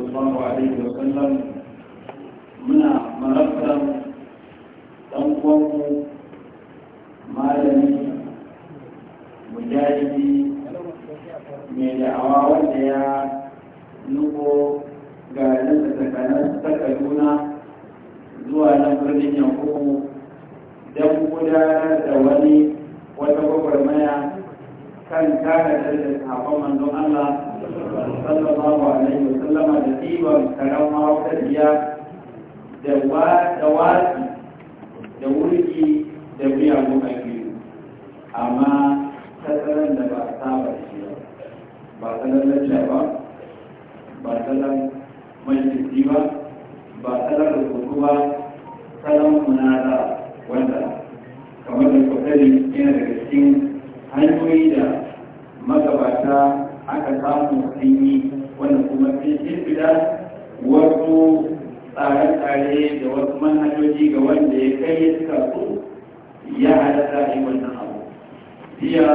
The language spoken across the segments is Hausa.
sallallahu alaihi wa sallam muna marabtar dan uwanmu malami mujahidi mai da'awa wanda ya nuko ga nasa tsakanin ta kaduna zuwa nan birnin yankuku don gudanar da wani wata gwagwarmaya kan kare da sahabban manzon Allah sallallahu alaihi wa sallama da ɗiban karan mawakariya da watsi da wurgi da miyagun biyu amma tattalin da ba a saba shi ba salon lacca ba ba salon majalisi ba ba salon rubutu ba salon munada wanda kamar da kwatsari yana daga cikin hanyoyi da magabata aka samu sun wanda wannan kuma sun shirfida wasu tsare-tsare da wasu manhajoji ga wanda ya kai ya suka so ya halatta yi wannan abu jiya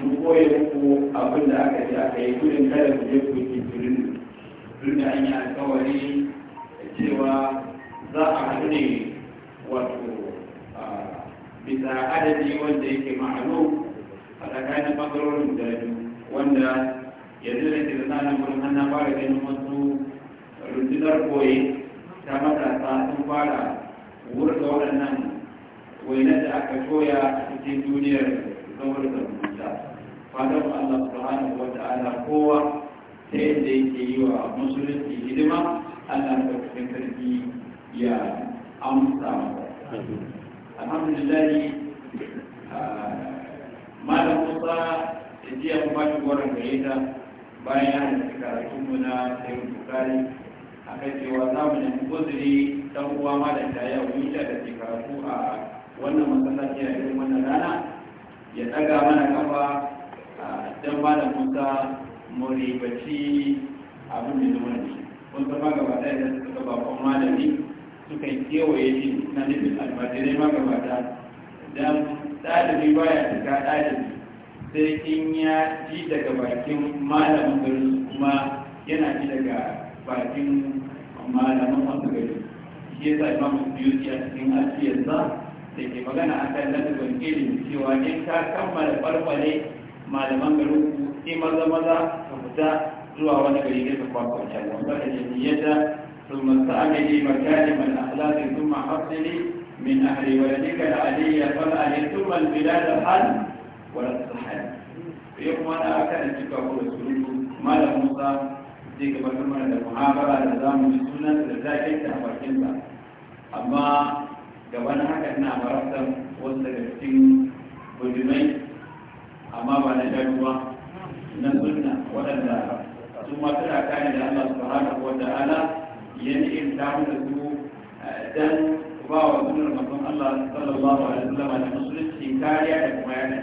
sun koya muku abin da aka ji aka yi gudun kada ku je ku yi turin tun da an yi alkawari cewa za a haɗu ne wato bisa adadi wanda yake ma'alu a tsakanin ɓangarorin da wanda yanzu da ke zana fara ganin wasu rundunar koyi ta matasa sun fara wurin waɗannan wainar da aka soya a cikin duniyar saboda zamanta fadar Allah subhanahu kowa ta yadda yake yi wa musulunci hidima Allah ta ya amsa alhamdulillah ah, malam Musa jiya ba bayan ya suka karatun muna na sayin bukari a kan cewa za mu nemi guzuri dan uwa ma da ta yau wuta da ke karatu a wannan masallaci a irin wannan rana ya daga mana kafa dan ba da musa mu bacci abin da zuwa ne kun ma gaba ɗaya da suka ba kuma malami suka yi kewaye shi na nufin almajirai ma gaba ɗaya dan ɗalibi baya shiga ɗalibi sai in ya ji daga bakin malamin garin kuma yana ji daga bakin malaman wasu gari shi sa imam biyuti a cikin asiyarsa da ke magana a kan ladabin ilimi cewa ne ka kammala barbare malaman garin ku ke maza maza ka fita zuwa wani gari da ka kwakwa ta sun da jamiyyata ثم استعمل مكارم الأخلاق a حصل من أهل ولدك العلي sun ثم da hannu wala sahaya ya kuma da aka da cika ko da surutu malam Musa zai gabatar mana da muhabara da za mu ji sunan da zakin ta a bakin sa amma gaban haka ina marabtan wasu daga cikin bujumai amma ba na jaruwa na sunna waɗanda su ma suna kare da Allah subhanahu wa ta'ala yana irin damu da su eh, dan ba wa sunan manzon Allah sallallahu alaihi wasallam da musulunci kariya da kuma yana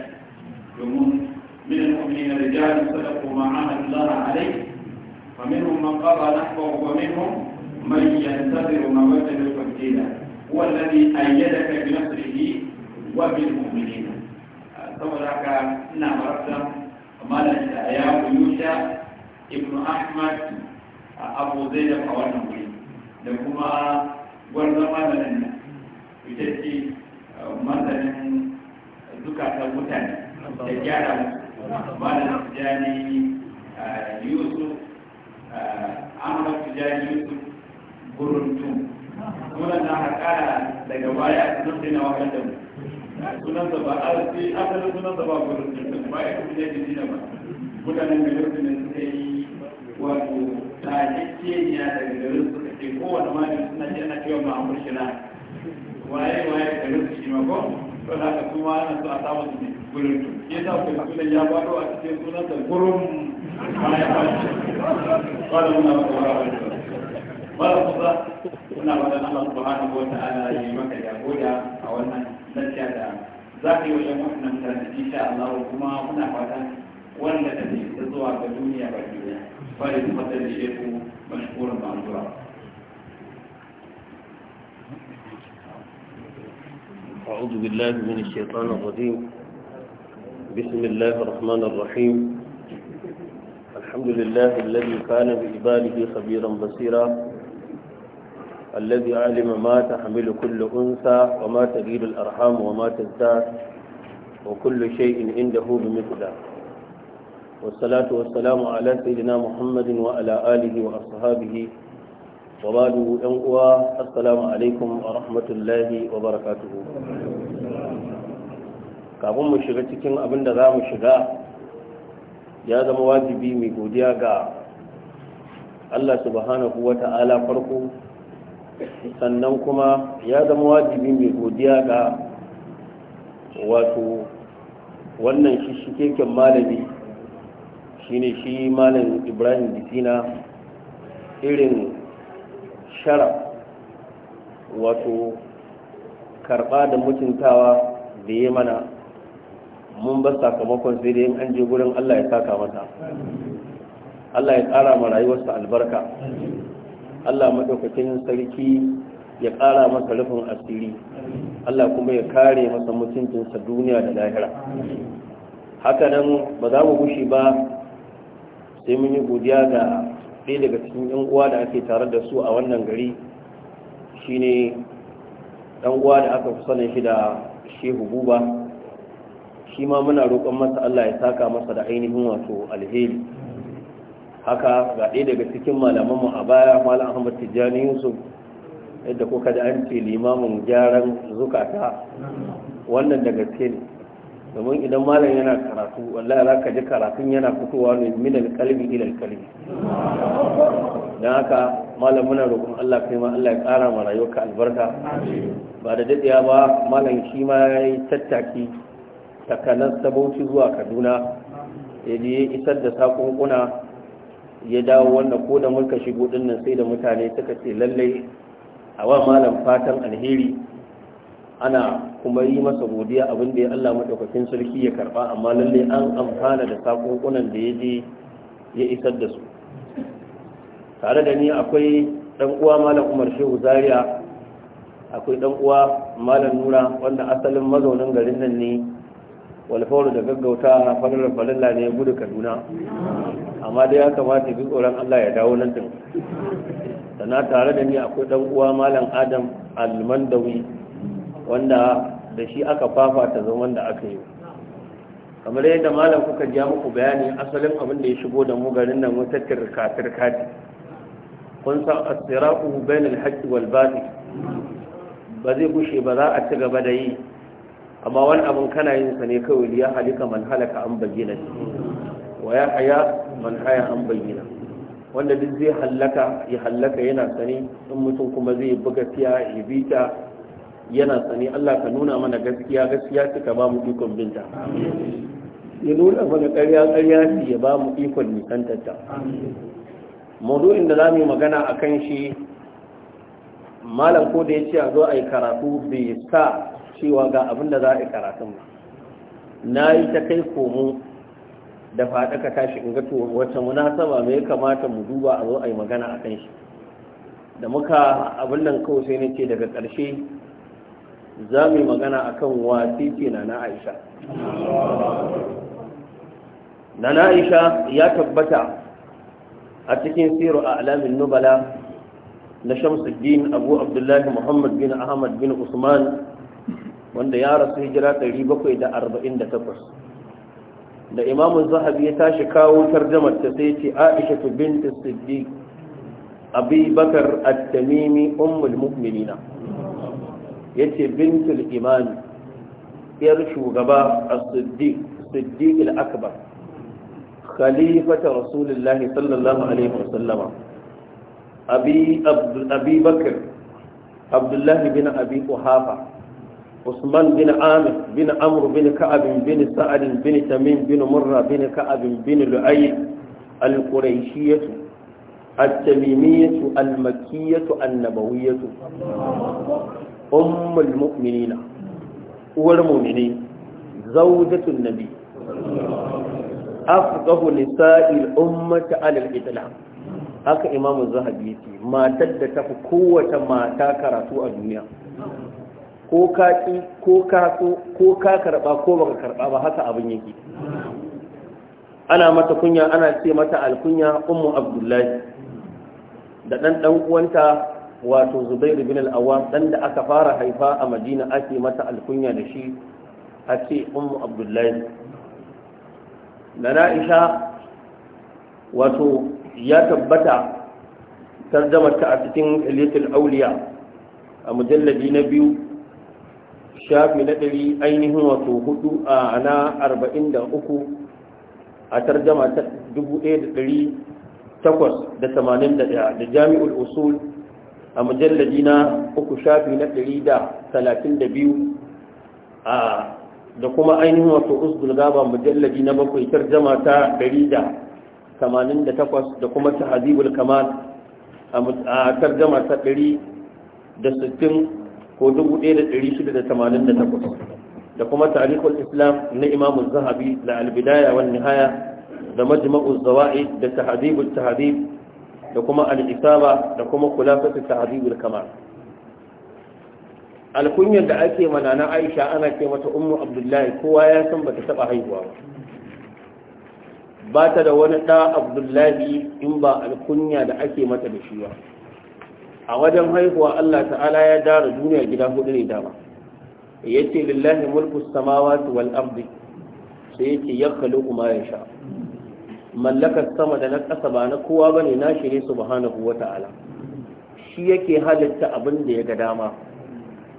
يومون من المؤمنين رجال صدقوا ما عهد الله عليه ومنهم من قضى نحوه ومنهم من ينتظر موته تبديلا هو الذي أيدك بنصره وبالمؤمنين سولك نعم ربنا مالك يا يوشع ابن أحمد أبو زيد فوانا مريد لكما ورد مالنا يتجي مثلا زكاة المتنين da gyara malam tijani yusuf ahmad tijani yusuf guruntum kuma na haƙara daga baya sunan sai na wakar da mu sunan ba a arziki asalin sunan ba guruntum ba ya kuma yadda dina ba mutanen da yau ne suka yi wato tajikeniya daga garin suka ce kowane malin suna ce ana cewa ma'amur shira waye waye garin su shi ma ko don da kuma ana so a samu su ne gurin su ya sa ku sunan ya bado a cikin sunan da gurin ana ya fashi ba da muna maka wara ba da kusa muna da Allah subhanahu wa ya yi maka jagoya a wannan lafiya da za ka yi wajen wannan mutane insha Allah kuma muna fatan wanda ta ne zuwa ga duniya ba duniya ba da fatan da shehu mashkuran ma'azura أعوذ بالله من الشيطان الرجيم بسم الله الرحمن الرحيم الحمد لله الذي كان بإباله خبيرا بصيرا الذي علم ما تحمل كل أنثى وما تغيب الأرحام وما تزداد وكل شيء عنده بمثله والصلاة والسلام على سيدنا محمد وعلى آله وأصحابه وبعد أنقوى السلام عليكم ورحمة الله وبركاته kafin mu shiga cikin abin da za mu shiga ya zama wajibi mai godiya ga Allah subhanahu wa ta'ala farko sannan kuma ya zama wajibi mai godiya ga wato wannan shishikeken malami shine shi malam ibrahim disina irin sharaf wato karɓa da mutuntawa da ya mana mun ba sakamakon sai dai an je gurin Allah ya saka mata Allah ya tsara ma rayuwarsa albarka Allah maɗaukakin sarki ya ƙara masa rufin asiri Allah kuma ya kare masa mutuncinsa duniya da lahira haka nan ba za mu gushi ba sai mun yi godiya ga ɗaya daga cikin yan uwa da ake tare da su a wannan gari shine dan uwa da aka fi sanin shi da shehu buba shi ma muna roƙon masa Allah ya saka masa da ainihin wato alheri haka ga ɗaya daga cikin malaman mu a baya malam Ahmad Tijjani Yusuf yadda kuka da an ce limamin gyaran zukata wannan daga cikin domin idan malam yana karatu wallahi za ka ji karatun yana fitowa ne min alkalbi ila alƙalbi don haka malam muna roƙon Allah kai ma Allah ya ƙara mana rayuwarka albarka ba da dadiya ba malam shi ma yayi tattaki takalan sabauci zuwa kaduna ya je ya isar da sakunkuna ya dawo wanda ko da muka shigo dinnan sai da mutane suka ce lallai a wa malam fatan alheri ana kuma yi masa godiya abin da ya Allah madaukakin sarki ya karba amma lalle an amfana da sakonkunan da ya je ya isar da su tare da ni akwai dan uwa malam Umar Shehu Zaria akwai dan uwa malam Nura wanda asalin mazaunin garin nan ne walfauru da gaggauta fadarar falalla ne gudu Kaduna amma dai ya kamata bi tsoron Allah ya dawo nan din sana tare da ni akwai dan uwa malam Adam Almandawi wanda da shi aka fafata zaman da aka yi kamar yadda malam kuka ja muku bayani asalin abin da ya shigo da mu garin nan wata tirka tirka ce kun san asira'u bainal haqqi wal batil ba zai gushe ba za a ci gaba da yi amma wani abin kana yin sa ne kawai liya halika man halaka an bayyana wa ya haya man haya an bayyana wanda duk zai hallaka ya hallaka yana sani in mutum kuma zai buga fiya ya bita yana sani Allah ka nuna mana gaskiya gaskiya suka ba mu ikon binta ya nuna mana ƙarya ƙarya su ya ba mu ikon nisantarta mudu da za mu yi magana a kan shi malam ko da ya ce a zo a yi karatu bai sa cewa ga abin da za a yi karatun ba na yi ta kai komo da faɗaka ka tashi in ga to wacce munasaba me ya kamata mu duba a zo a yi magana a kan shi da muka abin nan kawai sai nake daga ƙarshe za mu yi magana a kan wasiki na na'aisha na na'aisha ya tabbata a cikin siro a alamin nubala na shamsuddin abu abdullahi muhammad bin ahmad bin usman wanda ya rasu hijira 748 da imamun zahabi ya tashi kawo tarjamar ta sai ce aisha tu binti siddiq abi bakar at-tamimi ummul mu'minina ya ce bintul imani yar shugaba a siddiq al-akbar khalifata rasulullahi sallallahu alaihi wasallama abi abi abdullahi bin abi quhafa usman bin amir bin amr bin ka'ab bin sa'ad bin tamim bin murra bin ka'ab bin lu'ay al-qurayshiyah التميمية المكية النبوية ummul mu'minina uwar mu'mini zawjatul nabi afqahu nisa'il ummati 'ala al-islam haka imamu zahabi yace matar da tafi kowace mata karatu a duniya ko ka ki ko ka so ko ka karba ko baka karba ba haka abin yake ana mata kunya ana ce mata alkunya ummu abdullahi da dan dan uwanta wato zubairu bin al'awam dan da aka fara haifa a madina ake mata alkunya da shi a ce ummu abdullahi da na'isha wato ya tabbata tarjamata a cikin ilitul auliya a mujallabi na biyu shafi na ɗari ainihin wato hudu a na arba'in da uku a tarjama ta dubu ɗaya da ɗari takwas da tamanin da jami'ul usul a majalladi na uku shafi na ɗari da talatin da biyu a da kuma ainihin wato usbul gaba majalladi na bakwai tarjama ta ɗari da tamanin da takwas da kuma tahazibul kamal a tarjama ta ɗari da sittin ko dubu ɗaya da ɗari shida da tamanin da takwas da kuma tarihul islam na imamu zahabi da albidaya wani haya da majma'u zawa'i da tahazibul tahazib da kuma al da kuma ta ta'dibul kamar. alkunyar da ake mana na Aisha ana ce mata ummu Abdullahi kowa ya san bata taɓa haihuwa ba ta da wani da Abdullahi in ba alkunya da ake mata da shi ba a wajen haihuwa Allah ta'ala ya dara duniya gida hudu ne dama yace lillahi mulku samawati wal ardi sai yake ya kuma ya yasha' mallakar sama da na ƙasa ba na kowa bane na su ne subhanahu ta'ala shi yake halitta abin da ya ga dama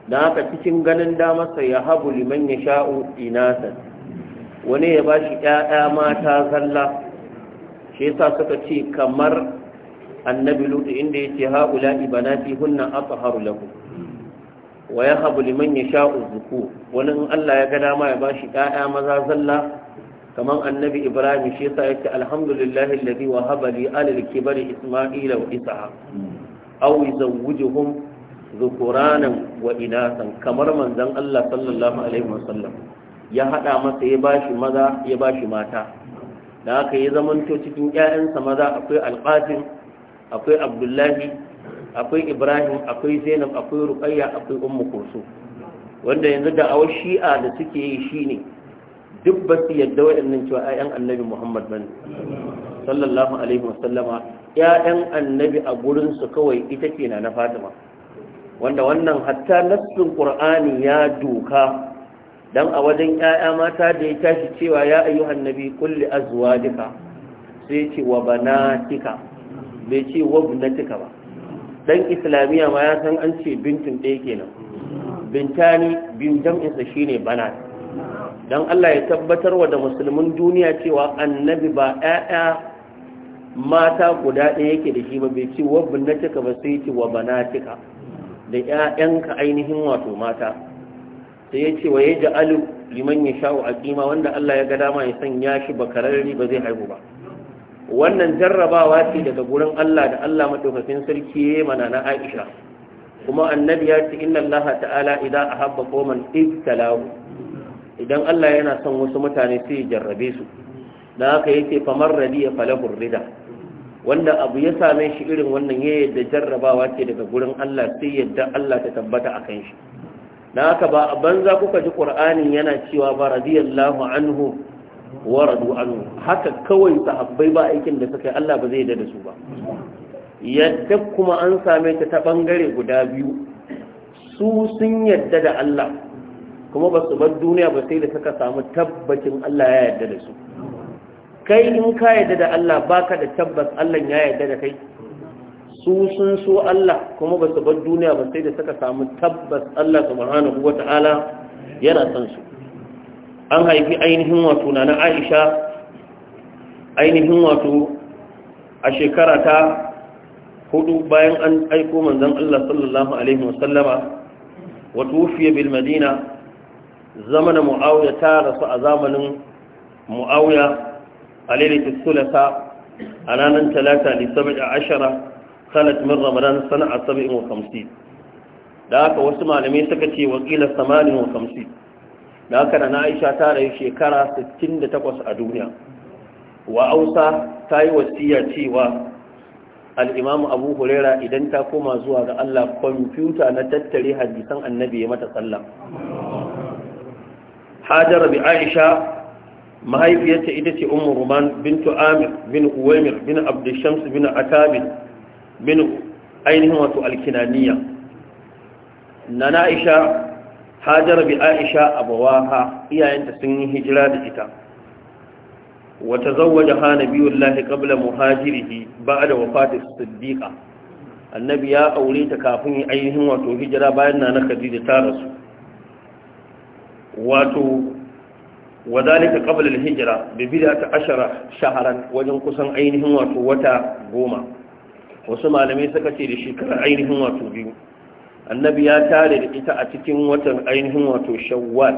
da haka cikin ganin damarsa ya habu liman ya sha'u inasan wani ya ba shi ‘ya'ya mata zalla shi yasa suka ce kamar annabi lutu inda ya ce ha'ula ibanati hunna aka haru wa ya liman ya sha'u zuku wani in Allah ya ga dama ya ba shi ‘ya'ya maza zalla kamar annabi ibrahim shi yasa yake alhamdulillahi alladhi wahaba li alal kibari isma'ila wa isa'a aw yuzawwijuhum dhukuranan wa inasan kamar manzon Allah sallallahu alaihi wasallam ya hada masa ya bashi maza mata da haka ya zamanto cikin 'ya'yansa maza akwai alqasim akwai abdullahi akwai ibrahim akwai zainab akwai ruqayya akwai ummu kursu wanda yanzu da awar shi'a da suke yi shine duk ba su yadda waɗannan cewa ‘ya'yan annabi Muhammad ba sallallahu Alaihi wasallama ‘ya'yan annabi a gurinsu kawai ita ke na na Fatima wanda wannan hatta nassin ƙur'ani ya doka don a wajen ‘ya'ya mata da ya tashi cewa ya ayyu annabi kulli azuwa duka sai ce wa banatika bai ce wa bunatika ba dan islamiyya ma ya san an ce bintin ɗaya kenan bintani biyu jam'insa shine banat don Allah ya tabbatar wa da musulmin duniya cewa annabi ba ‘ya'ya mata guda ɗaya yake da shi ba bai ci wa binnatika ba sai ci wa banatika da ‘ya'yanka ainihin wato mata sai ya ce wa ya ji alu liman ya sha'u a kima wanda Allah ya ga dama ya san ya shi ba ba zai haihu ba wannan jarrabawa ce daga gurin Allah da Allah madaukakin sarki ya mana na Aisha kuma annabi ya ce inna Allah ta'ala idan ahabba qauman ibtalahu idan Allah yana son wasu mutane su yi jarrabe su da haka yake famar radiya falahur rida wanda abu ya same shi irin wannan ya yadda jarrabawa ce daga gurin Allah sai yadda Allah ta tabbata a kan shi da haka ba a banza kuka ji Qur'ani yana cewa ba radiyallahu anhu wa radu anhu haka kawai sahabbai ba aikin da suka yi Allah ba zai yadda da su ba yadda kuma an same ta ta bangare guda biyu su sun yadda da Allah kuma ba su bar duniya ba sai da suka samu tabbacin Allah ya yarda da su kai in ka yarda da Allah baka da tabbas Allah ya yarda da kai su sun so Allah kuma ba su bar duniya ba sai da suka samu tabbas Allah subhanahu wata'ala yana son su an haifi ainihin wato na Aisha ainihin wato a shekara ta hudu bayan an aiko manzon Allah sallallahu alaihi wasallama wa tufiya bil madina zamanin mu'awiya ta rasu a zamanin mu'awiya a lailatul sulasa a ranar talata ne saba'i ashara sanat min ramadan sana'a saba'in wa kamsi da haka wasu malamai suka ce wakila samanin wa kamsi da haka na aisha ta rayu shekara 68 a duniya wa ausa ta yi wasiya cewa al'imamu abu huraira idan ta koma zuwa ga allah kwamfuta na tattare hadisan annabi ya mata sallah hajara bi aisha mahaifiyarta ita ce ummu ruman bintu amir bin uwaimir bin abdushams bin atabin bin ainihin wato alkinaniya na na'isha hajara bi aisha abawaha iyayenta sun yi hijira da ita wata zawaja ha nabiyullahi ƙabla muhajirihi ba'da wafatis siddiqa annabi ya aure ta kafin ainihin wato hijira bayan nana khadija ta rasu wato wadalika qabla al-hijra bi ta ashara shahran wajen kusan ainihin wato wata goma wasu malamai suka ce da shekara ainihin wato biyu annabi ya tare da ita a cikin watan ainihin wato shawwal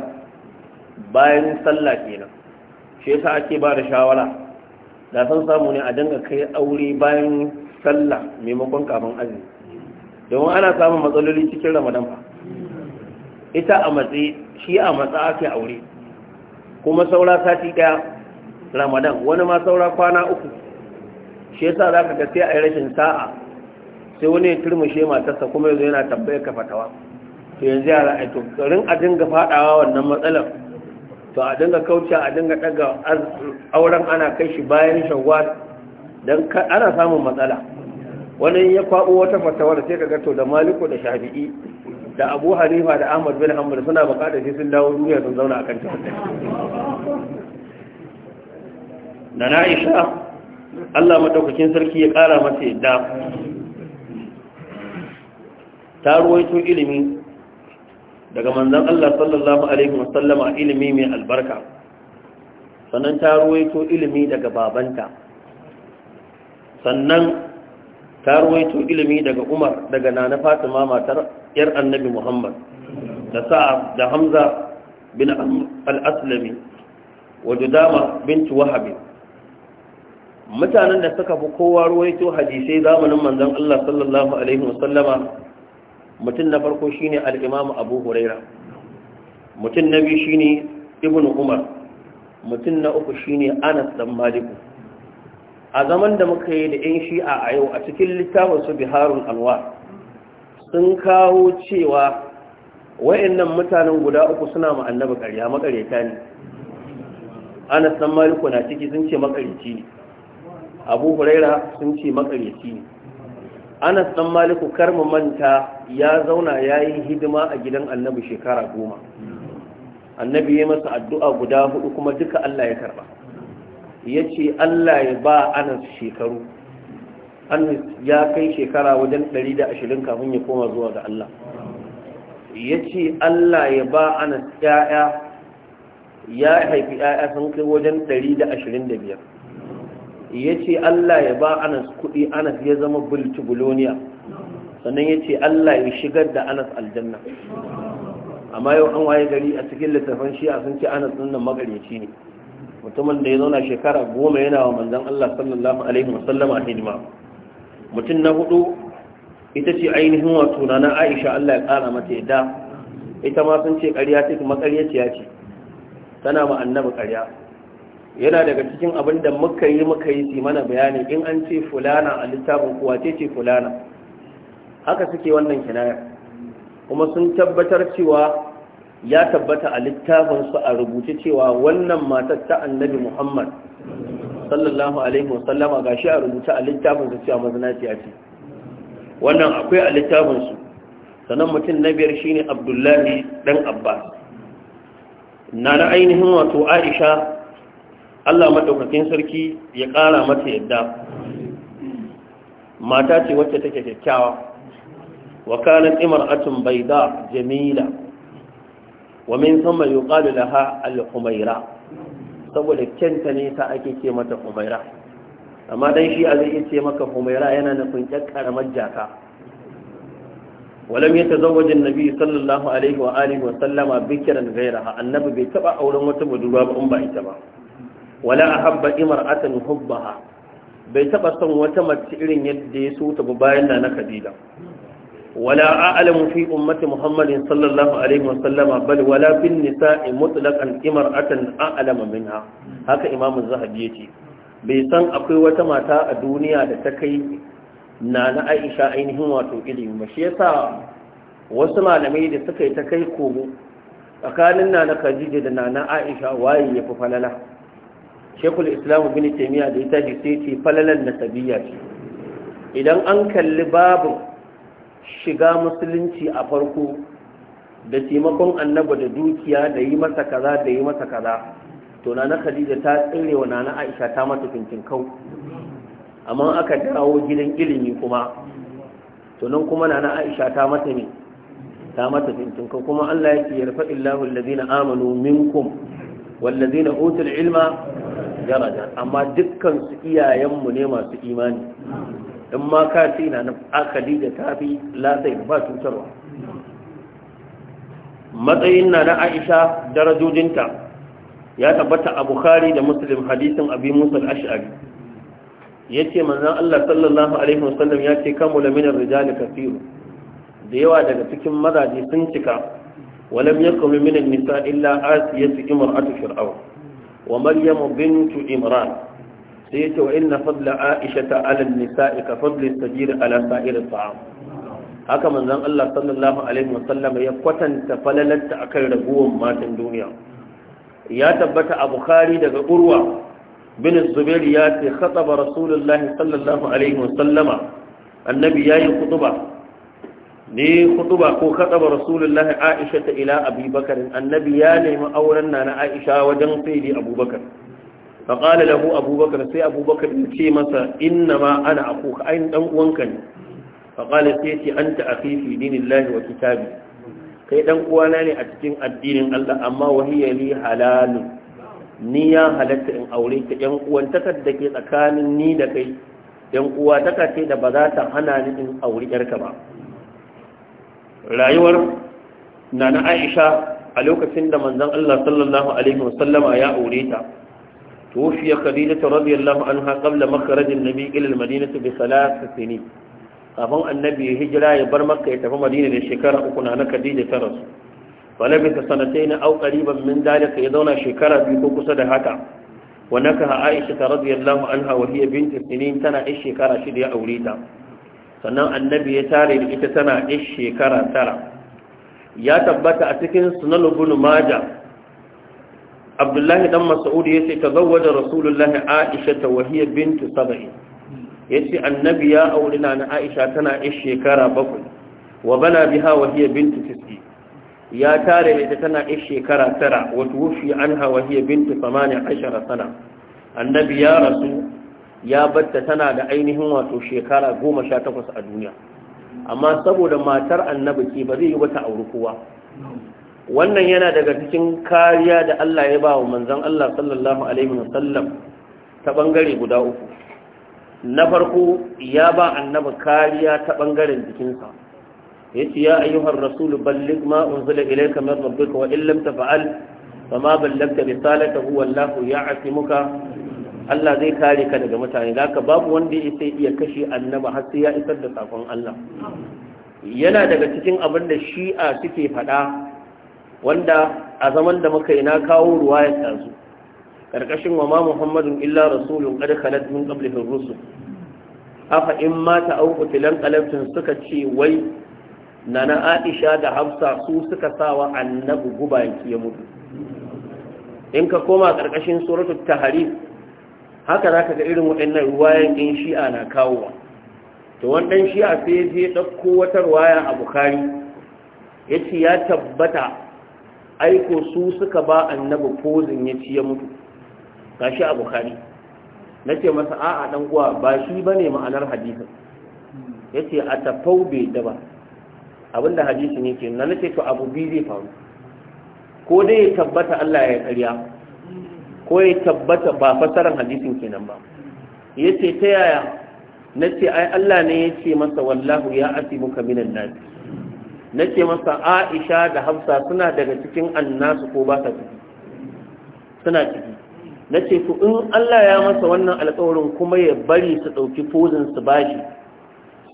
bayan sallah kenan shi yasa ake ba da shawara da san samu ne a danga kai aure bayan sallah maimakon kafin azumi domin ana samun matsaloli cikin ramadan fa ita a matsayi, shi a matsa ake aure kuma saura sati daya ramadan wani ma saura kwana uku shi yasa za ka gasi a yi rashin sa'a sai wani ya turmushe matarsa kuma yanzu yana tambayar ka fatawa to yanzu yara a to karin a dinga fadawa wannan matsalar to a dinga kauce a dinga daga auren ana kai shi bayan shawwal dan ana samun matsala wani ya kwabo wata fatawar sai ka gato da maliko da shafi'i da abu hanifa da ahmad bin hanbal suna bukatar shi sun dawo duniya sun zauna a kan da na isha allah matakakin sarki ya ƙara masa yadda ta ruwaito ilimi daga manzan allah sallallahu alaihi wasallama ilimi mai albarka sannan ta ruwaito ilimi daga babanta sannan ta ruwaito ilimi daga umar daga nana fatima matar yar annabi muhammad da sa'ad da hamza bin al-aslami wa judama bint wahab mutanen da suka fi kowa ruwaito hadisai zamanin manzon Allah sallallahu alaihi wasallama mutum na farko shi ne imam abu huraira mutum na biyu ne ibn umar mutum na uku shine anas dan maliku a zaman da muka yi da yan shi'a a yau a cikin littafin su biharul anwar sun kawo cewa wayannan mutanen guda uku suna ma annabi ƙarya makareta ne anas dan maliku na ciki sun ce makareci ne abu huraira sun ce makareci ne anas dan maliku karmu manta ya zauna ya yi hidima a gidan annabi shekara goma annabi ya masa addu'a guda hudu kuma duka allah ya karba ya ce allah ya ba anas shekaru an ya kai shekara wajen 120 kafin ya koma zuwa ga Allah ya ce Allah ya ba anas ya'ya ya haifi ya'ya sun kai wajen 125 ya ce Allah ya ba anas kuɗi anas ya zama bultubuloniya sannan ya ce Allah ya shigar da anas aljanna amma yau an waye gari a cikin littafin shi a sun ce anas ɗin nan ne mutumin da ya zauna shekara goma yana wa manzan Allah sallallahu alaihi wasallama hidima mutum na hudu ita ce ainihin wato na aisha allah ya kara mata yadda ita ma sun ce ƙarya ce kuma ƙaryaciya ce ya ce. tana ma annabi ƙarya yana daga cikin abin da muka yi muka yi mana bayani in an ce fulana a littafin kuwa ce ce fulana haka suke wannan kinaya kuma sun tabbatar cewa ya tabbata a littafinsu a rubuce cewa wannan matar ta annabi muhammad sallallahu alaihi wasallama gashi a rubuta a littafin su cewa mazinaciya ce wannan akwai a littafin su sannan mutum na biyar shine abdullahi dan abbas na da ainihin wato aisha Allah madaukakin sarki ya ƙara mata yadda mata ce wacce take kyakkyawa wa kanat imra'atun bayda jamila wa min thumma yuqalu laha al-humayra saboda kenta ne ta ake ce mata humaira amma dai shi a zai ce maka humaira yana nufin ƴar karamar jaka walam yatazawwaj nabi sallallahu alaihi wa alihi wa sallama bikran ghayraha annabi bai taba auren wata budurwa ba in ba ita ba wala ahabba imra'atan hubbaha bai taba son wata mace irin yadda ya so ta bayan na kabila. ولا أعلم في أمة محمد صلى الله عليه وسلم بل ولا في النساء مطلقا امرأة أعلم منها هكا إمام الزهبيتي بيسان أقوى وتماتا الدنيا لتكي نانا عائشة أينهم وتوكلي مشيسا وسمع لمي لتكي تكي كوبو أكان نانا خديجة نانا عائشة واي يففلنا شيخ الإسلام بن تيمية ديتاجي سيتي فللا نسبية إذا أنكل بابه shiga musulunci a farko da taimakon annaba da dukiya da yi masa kaza da yi masa kaza to na khadija ta tsire wa nana aisha ta mata finkin kau amma aka dawo gidan ilimi kuma to nan kuma nana aisha ta mata ne ta mata finkin kau kuma Allah yake yarfa illahu allazina amanu minkum wallazina utul ilma daraja amma dukkan su iyayenmu ne masu imani in ma ka ce na akali da tafi lasai ba cutarwa matsayin na na aisha darajojinta ya tabbata a bukhari da muslim hadisin abi musa al-ash'ari yace manzan Allah sallallahu alaihi wasallam ya ce kan mulaminin Rijali kafiru da yawa daga cikin mazaje sun cika walam yakum min nisa illa asiyatu atu fir'aun wa maryamu bintu imran sai yace wa inna fadla aisha ta ala nisa'i ka fadli sajir ala sa'ir ta'am haka manzon Allah sallallahu alaihi wasallam ya kwatanta falalatta akan raguwan matan duniya ya tabbata a bukhari daga urwa bin zubair ya ce khataba rasulullahi sallallahu alaihi wasallama annabi yayi khutba ne khutuba ko kadaba rasulullahi aisha ta ila abubakar annabi ya nemi auren na na aisha wajen sayyidi abubakar faƙala lahu abubakar sai abubakar ya ce masa innama ma ana akuka ainihin ɗan uwanka ne faƙala sai ce an ta afifi dinin lahi wa kitabi kai ɗan uwana ne a cikin addinin allah amma wahiyya li halalun ni ya halatta in aure ta ƴan uwantakar da ke tsakanin ni da kai ƴan ta ce da ba za ta hana ni in aure ƴarka ba rayuwar Nana aisha a lokacin da manzon allah sallallahu alaihi wasallama ya aure ta توفي خديجة رضي الله عنها قبل مخرج النبي إلى المدينة بثلاث سنين أبو النبي هجرة يبر مكة يتفى مدينة الشكرة أكون أنا خديجة ترس فلبث سنتين أو قريبا من ذلك يدون شكرة بكوك صدهاتا ونكها عائشة رضي الله عنها وهي بنت السنين تنا الشكرة شديا أوليتا sannan annabi ya tare da ita tana ish shekara tara ya tabbata a cikin sunan ibn majah abdullahi dan mas'ud yace tazawwaja rasulullahi aisha ta wa Bintu bint ya ce annabi ya aure na aisha tana yar shekara bakwai wa bana biha wa Bintu bint ya tare da ita tana yar shekara tara wa tuwfi anha wa hiya bint 18 sana annabi ya rasu ya batta tana da ainihin wato shekara goma sha takwas a duniya amma saboda matar annabi ce ba zai yi wata auri kowa wannan yana daga cikin kariya da Allah ya ba wa manzon Allah sallallahu alaihi wasallam ta ɓangare guda uku na farko ya ba annabi kariya ta bangaren jikinsa yace ya ayyuhar rasulu balligh ma zula ilayka min rabbika wa illam taf'al fama ballagta risalatahu wallahu muka, Allah zai kare ka daga mutane da haka babu wanda ya sai iya kashe annaba har sai ya isar da sakon Allah yana daga cikin abin da shi'a suke faɗa wanda a zaman da muka yi na kawo ruwa ya tsazu ƙarƙashin wa ma muhammadun illa rasulun kada khalat min qablihi rusul afa in ta auku tilan qalabtun suka ce wai nana Aisha da Hafsa su suka sawa annabi guba ya mutu in ka koma ƙarƙashin suratul tahrim haka zaka ga irin waɗannan ruwayan in shi'a na kawowa to wannan shi'a sai ya je ɗauko wata ruwaya a Bukhari yace ya tabbata aiko su suka ba annabi pozin ya ci ya mutu gashi a bukari na ce masa a'a dan uwa ba shi ba ne ma'anar hadisin ya ce a tafau bai daba abinda ne yake na nace to abu biyu zai faru ko dai ya tabbata Allah ya karya ko ya tabbata ba fasaran hadisin kenan ba ya ce ta yaya na ce ai Allah ne ya ce masa wallahu ya asibuka minan nasi nake masa aisha da hamsa suna daga cikin annasu ko ba ta ciki suna ciki nake to in Allah ya masa wannan alƙawarin kuma ya bari su ɗauki fuzin su bashi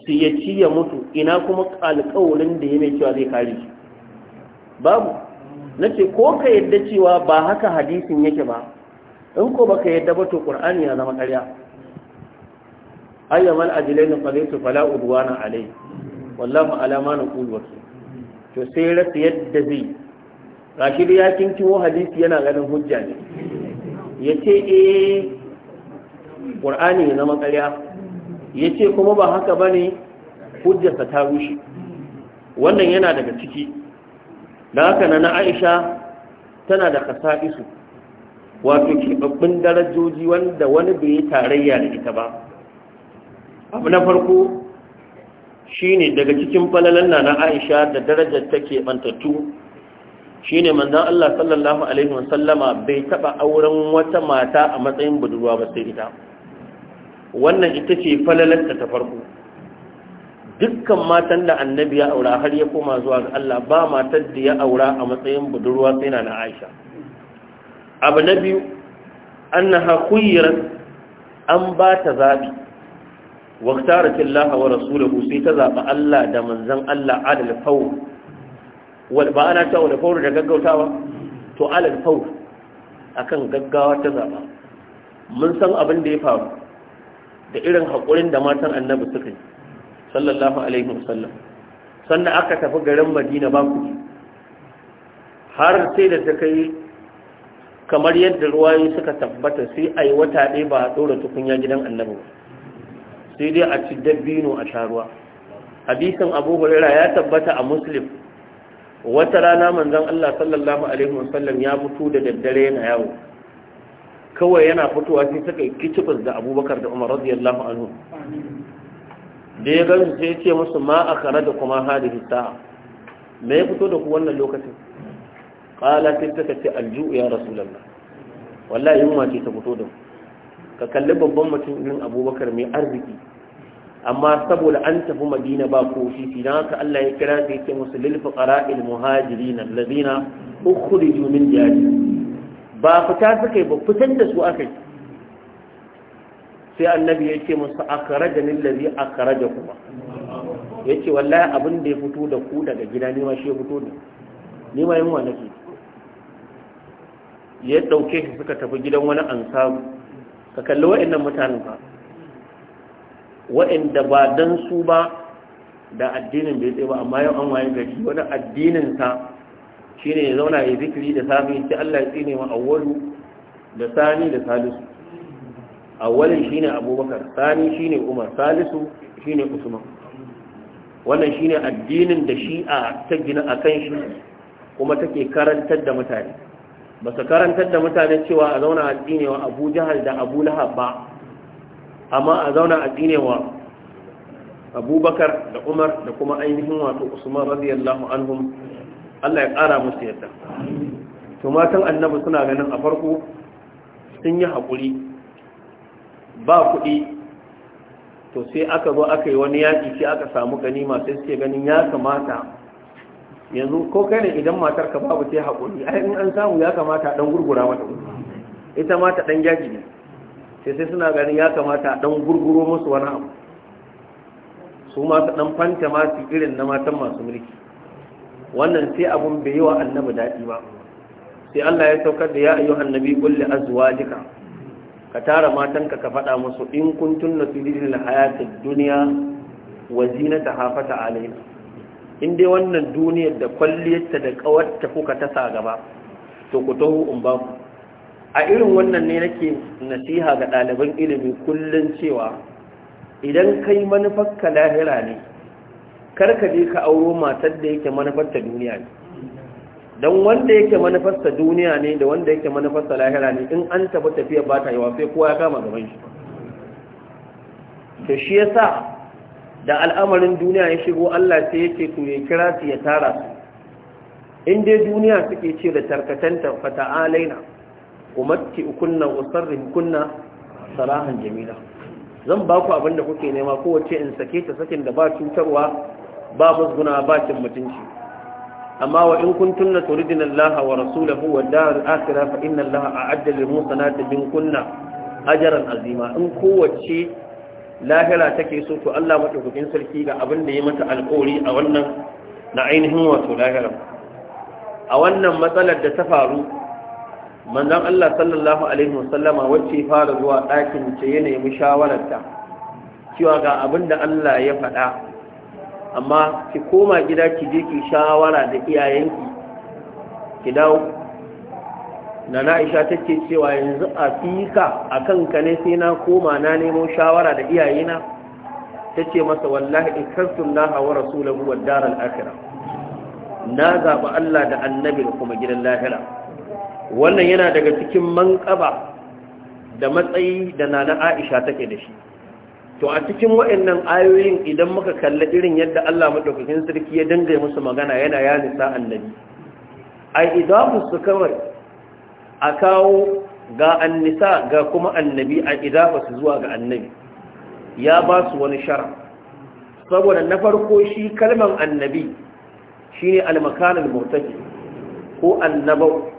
su ya ci ya mutu ina kuma alƙawarin da ya mai cewa zai kare shi babu nace ko ka yadda cewa ba haka hadisin yake ba in ko baka yadda ba to qur'ani ya zama ƙarya ayyamal ajlain qadaytu fala udwana alayhi wallahu ala ma naqulu wakil to sai rasa yadda zai rashid ya kinkiwo hadisi yana ganin hujja ne ya ce eh ƙur'ani ya zama ƙarya ya ce kuma ba haka ba ne hujjarsa ta rushe wannan yana daga ciki da haka na na aisha tana da isu. wato keɓaɓɓun darajoji wanda wani bai yi tarayya da ita ba abu na farko shine daga cikin falalan na Aisha da darajar take bantattu shine manzon Allah sallallahu alaihi wasallama bai taba auren wata mata a matsayin budurwa ba sai ita wannan ita ce falalarta ta farko dukkan matan da annabi ya aura har ya koma zuwa ga Allah ba matar da ya aura a matsayin budurwa sai na Aisha abu na biyu annaha khuyrat an ba ta zabi واختارت الله ورسوله سيتذا فألا دمن زن ألا على الفور والبانا تاو الفور جاكاو تاو تو على الفور أكن جاكاو تذا من سن أبن دي فاو da irin haƙurin da matan annabi suka yi sallallahu alaihi wasallam sannan aka tafi garin madina ba ku har sai da ta kai kamar yadda ruwayoyi suka tabbata sai a yi wata ɗaya ba a ɗora tukunya gidan annabi ba sai dai a ci dabino a taruwa. hadisin abu huraira ya tabbata a muslim wata rana manzon Allah sallallahu alaihi wasallam ya fito da daddare yana yawo kawai yana fitowa sai suka yi kicibus da abubakar da umar radiyallahu anhu da ya gansu sai ce musu ma a kare da kuma hadihi sa'a me ya fito da ku wannan lokacin ƙala sai suka ce alju'u ya rasulallah wallahi yunwa ce ta fito da ku ka kalli babban mutum irin abubakar mai arziki amma saboda an tafi madina ba ko fifi don haka Allah ya kira sai ce musu ƙara'il muhajiri na muhajirin uku da jumin jari ba fita suka yi ba fitar da su aka yi sai annabi ya ce musu a a akhrajani da kuma ya ce wallahi abin da ya fito da ku daga gida nima shi ya fito da nima yin wa nake ya ɗauke shi suka tafi gidan wani ansabu ka kalli wa'annan mutanen ba wa'anda ba don su ba da addinin bai tsaye ba amma yau an waye gari wani addinin sa ne ya zauna ya zikiri da sami sai Allah ya tsine wa awwalu da sani da salisu awwalin ne abubakar sani shi ne umar salisu shi ne usman wannan ne addinin da shi a ta gina a kan shi kuma take karantar da mutane ba su karantar da mutane cewa a zauna a tsinewa abu jihar da abu lahab ba amma a zauna a tsinewa abubakar da umar da kuma ainihin wato usman radiyallahu anhum allah ya ƙara musu yadda to matan annabi suna ganin a farko sun yi haƙuri ba kuɗi to sai aka zo aka yi wani yaƙi sai aka samu ganima sai suke ganin ya kamata yanzu ko kai ne idan matar ka babu sai haƙuri ai in an samu ya kamata dan gurgura mata ita ma ta dan jaji ne sai sai suna ganin ya kamata dan gurguro musu wani abu su ma su dan fanta ma irin na matan masu mulki wannan sai abun bai yi wa annabi daɗi ba sai Allah ya saukar da ya ayyu annabi kulli azwajika ka tara matanka ka faɗa musu in kuntunna tudinil hayatid dunya wa zinataha fata alaina in dai wannan duniyar da kwalliyarta da kawarta kuka ta sa gaba to ku taho in ba ku a irin wannan ne nake nasiha ga ɗaliban ilimi kullum cewa idan kai manufarka lahira ne kar ka je ka auro matar da yake manufarta duniya ne don wanda yake manufarta duniya ne da wanda yake manufarsa lahira ne in an tafi tafiya ba ta yi wa sai kowa ya kama gaban shi to shi yasa da al'amarin duniya ya shigo Allah sai yake to ya kira su ya tara su in dai duniya suke ce da tarkatanta fata'alaina ki ukunna usarrin kunna sarahan jamila zan ba ku abin kuke nema kowace in sake ta sakin da ba cutarwa ba musguna ba cin mutunci amma wa in kun tunna turidin Allah wa rasulahu wa dar akhirah fa inna Allah a'adda lil musanati bin kunna ajran azima in kowace lahira take so to Allah madaukakin sarki ga abin da ya mata alƙori a wannan na ainihin wato lahira a wannan matsalar da ta faru manzon Allah sallallahu alaihi wasallama wacce fara zuwa ɗakin ce ya nemi shawararta cewa ga abin da Allah ya faɗa amma ki koma gida ki je ki shawara da iyayenki ki dawo na na'isha take cewa yanzu a fika a kanka ne sai na koma na nemo shawara da iyayena ta ce masa wallahi in karfin laha wa rasulahu wa daral na zaɓi Allah da annabi da kuma gidan lahira wannan yana daga cikin manƙaba da matsayi da nana aisha take da shi to a cikin waɗannan ayoyin idan muka kalli irin yadda Allah madaukakin sarki ya dinga musu magana yana ya nisa annabi ai su kawai a kawo ga annisa ga kuma annabi a idafa su zuwa ga annabi ya ba su wani shara saboda na farko shi kalman annabi shi ne almakanin murtaki ko annabau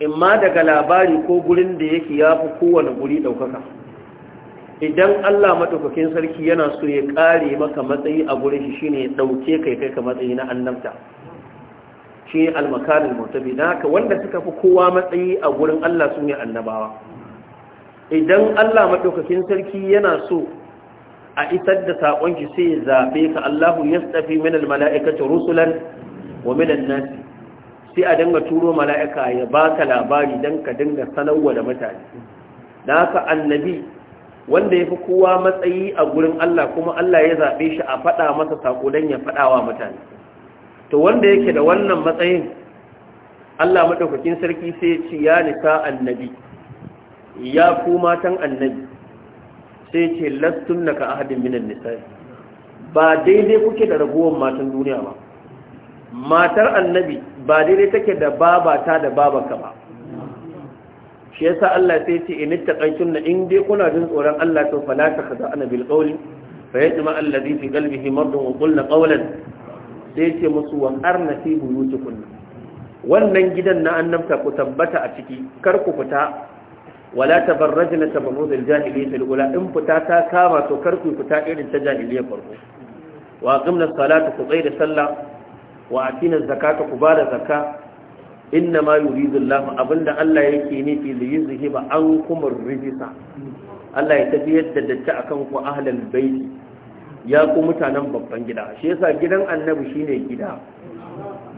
imma daga labari ko gurin da yake ya fi kowane guri ɗaukaka idan allah maɗaukakin sarki yana so ya ƙare maka matsayi a gurin shi ne ya ɗauke kai kai ka matsayi na annabta shi almakarin mutabi na haka wanda suka fi kowa matsayi a gurin Allah sun yi annabawa idan Allah maɗaukakin sarki yana so a isar da saƙon shi sai zaɓe ka Allahu ya tafi min almala'ikata rusulan wa min annas sai a dinga turo mala'ika ya ba ka labari don ka dinga sanarwa da mutane Na haka annabi wanda ya fi kowa matsayi a gurin Allah kuma Allah ya zaɓe shi a faɗa masa saƙo don ya faɗa wa mutane to wanda yake da wannan matsayin Allah maɗaukakin sarki sai ya ce ya nisa annabi ya ku matan annabi sai ya ce lastunna ka ahadin minan nisa ba daidai kuke da ragowar matan duniya ba matar annabi ba daidai take da babata da babanka ba shi ya sa Allah sai ce in taqaytum na in dai kuna jin tsoron Allah to fala takhza ana bil qawli fa yatma alladhi fi qalbihi maradun wa qulna qawlan sai ce musu wa qarna fi buyutikum wannan gidan na annabta ku tabbata a ciki kar ku fita wala tabarrajna tabarrujal jahiliya ta ula in fita ta kama to kar fita irin ta jahiliya farko wa aqimna salata ku tsaya da sallah wa atina zakata ku da zakka inna ma yuridu Abin abinda Allah yake nufi da ba an kumar rijisa Allah ya yadda da datti akan ku ahlal baiti ya ku mutanen babban gida shi yasa gidan annabi shine gida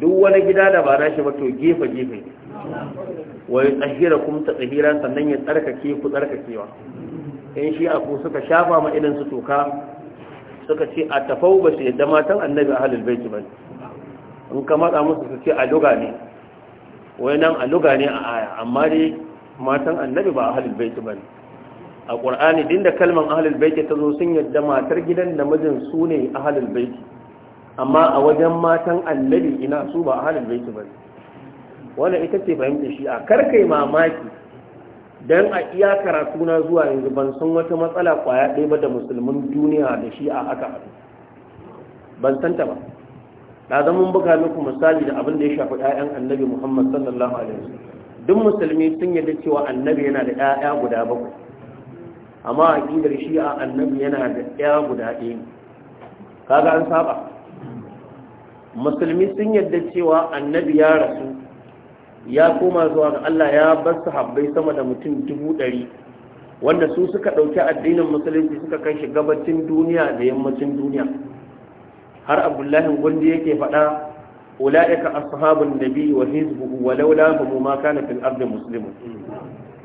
duk wani gida da ba nashi ba to gefe gefe wa ya tsahira kuma ta tsahira sannan ya tsarkake ku tsarkakewa in shi aku suka shafa ma idan su toka suka ce a tafau ba shi yadda matan annabi a halil baiti ba in ka matsa musu su ce a luga ne wai nan a luga ne a aya amma dai matan annabi ba a halin baiti ba ne a ƙur'ani din da kalman ahalul baiti ta zo sun yadda matar gidan da su ne ahalul baiti amma a wajen matan annabi ina su ba ahalul baiti ba wannan ita ce fahimta shi a karkai mamaki Don a iya karatuna zuwa yanzu ban san wata matsala kwaya ɗaya ba da musulmin duniya da shi a haka ban ta ba na zama buga muku misali da abin da ya shafi 'ya'yan annabi muhammad sallallahu alaihi wasallam duk musulmi sun yarda cewa annabi yana da 'ya'ya guda bakwai amma a ƙidar shi a annabi yana da ɗaya guda ɗaya kaga an saba musulmi sun yadda cewa annabi ya rasu ya koma zuwa ga Allah ya bar sahabbai sama da mutum dubu ɗari wanda su suka ɗauki addinin musulunci suka kai shi gabacin duniya da yammacin duniya har abdullahi gundi yake faɗa ula'ika ashabun nabi wa hizbuhu wa laula hum ma kana fil ardi muslimun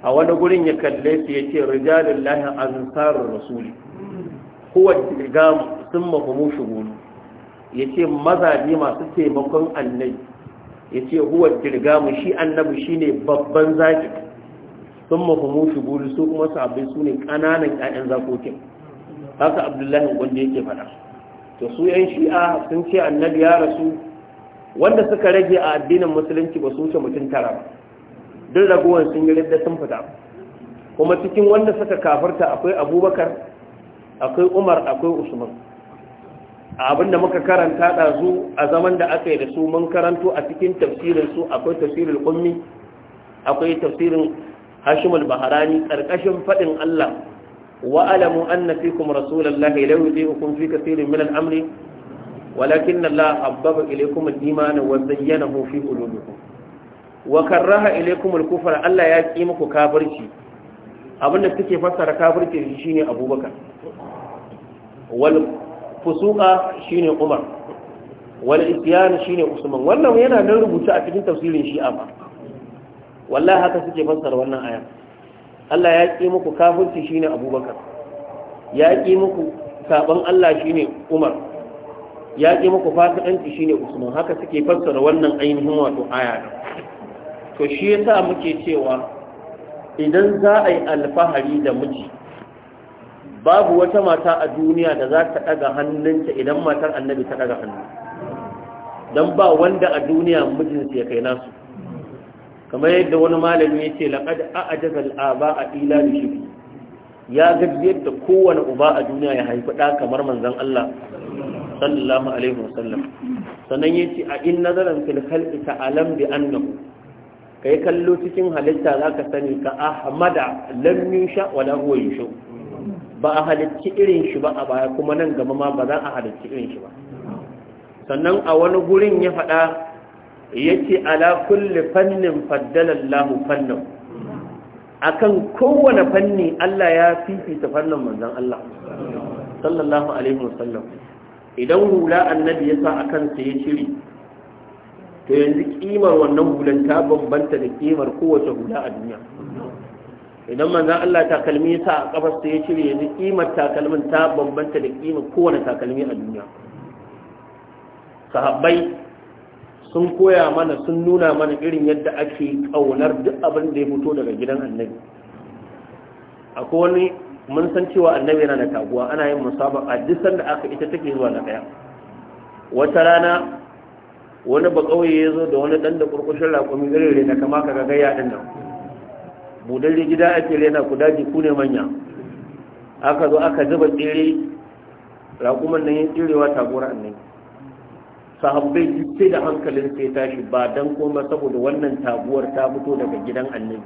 a wani gurin ya kalle su ya ce rijalun lahi ansarar rasuli kowa dirga sun mafamu shugulu. ya ce mazaje masu taimakon annabi ya ce huwa dirga mu shi annabi shi ne babban zaki sun mafamu shigulu su kuma sabbin su ne kananan 'ya'yan zakokin haka abdullahi wanda yake faɗa to su 'yan shi'a sun ce annabi ya rasu wanda suka rage a addinin musulunci ba su wuce mutum tara ba duk ragowar sun yi sun fita kuma cikin wanda suka kafarta akwai abubakar akwai umar akwai usman abin da muka karanta ɗazu a zaman da aka yi da su mun karanto a cikin tafsirin su akwai tafsirin ummi akwai tafsirin hashim al-baharani ƙarƙashin faɗin allah wa alamu anna fikum rasulullahi la yutiikum fi kathirin min al-amri walakin allah habbaba ilaykum al-iman wa zayyanahu fi qulubikum wa karraha ilaykumul kufara Allah ya ki muku kafirci abinda suke fassara kafirci shine Abubakar wal fusuqa shine Umar wal isyan shine Usman wannan yana nan rubuta a cikin tafsirin shi amma wallahi haka suke fassara wannan aya Allah ya ki muku kafirci shine Abubakar ya ki muku saban Allah shine Umar ya ƙi muku fasikanci shine Usman haka suke fassara wannan ainihin wato aya to shi ya sa muke cewa idan za a yi alfahari da miji babu wata mata a duniya da za ta daga hannunta idan matar annabi ta daga hannu don ba wanda a duniya mijinsu ya kai nasu kamar yadda wani malami ya ce laƙad a ajazal aba a ila da shi ya gaji yadda kowane uba a duniya ya haifi ɗa kamar manzan Allah sallallahu alaihi wasallam sannan ya ce a in nazarin fil khalqi ta'alam bi annahu ka yi kallo cikin halitta za ka sani ka ahmada lam yusha wala huwa ba a halicci irin shi ba a baya kuma nan gaba ma ba za a halicci irin shi ba sannan a wani gurin ya faɗa ya ce ala kulli fannin faddalallahu fannin akan kowane fanni Allah ya fifita fannin manzon Allah sallallahu alaihi wasallam idan hula annabi ya sa akan kansa ya shiri to yanzu kimar wannan hulan ta bambanta da kimar kowace hula a duniya idan manzan Allah takalmi ya sa a kafar sai ya cire yanzu kimar takalmin ta bambanta da kimar kowane takalmi a duniya sahabbai sun koya mana sun nuna mana irin yadda ake ƙaunar duk abin da ya fito daga gidan annabi akwai wani mun san cewa annabi yana da taguwa ana yin musabaka duk sanda aka ita take zuwa na ɗaya. wata rana wani ba kauye ya zo da wani dan da kurkushin raƙumi irin na kama kaga gaya nan budan gida ake na ku daji ku ne manya aka zo aka zuba tsere raƙuman nan ya tserewa tagora annabi sahabbai duk da hankalin sai tashi ba dan koma saboda wannan taguwar ta fito daga gidan annabi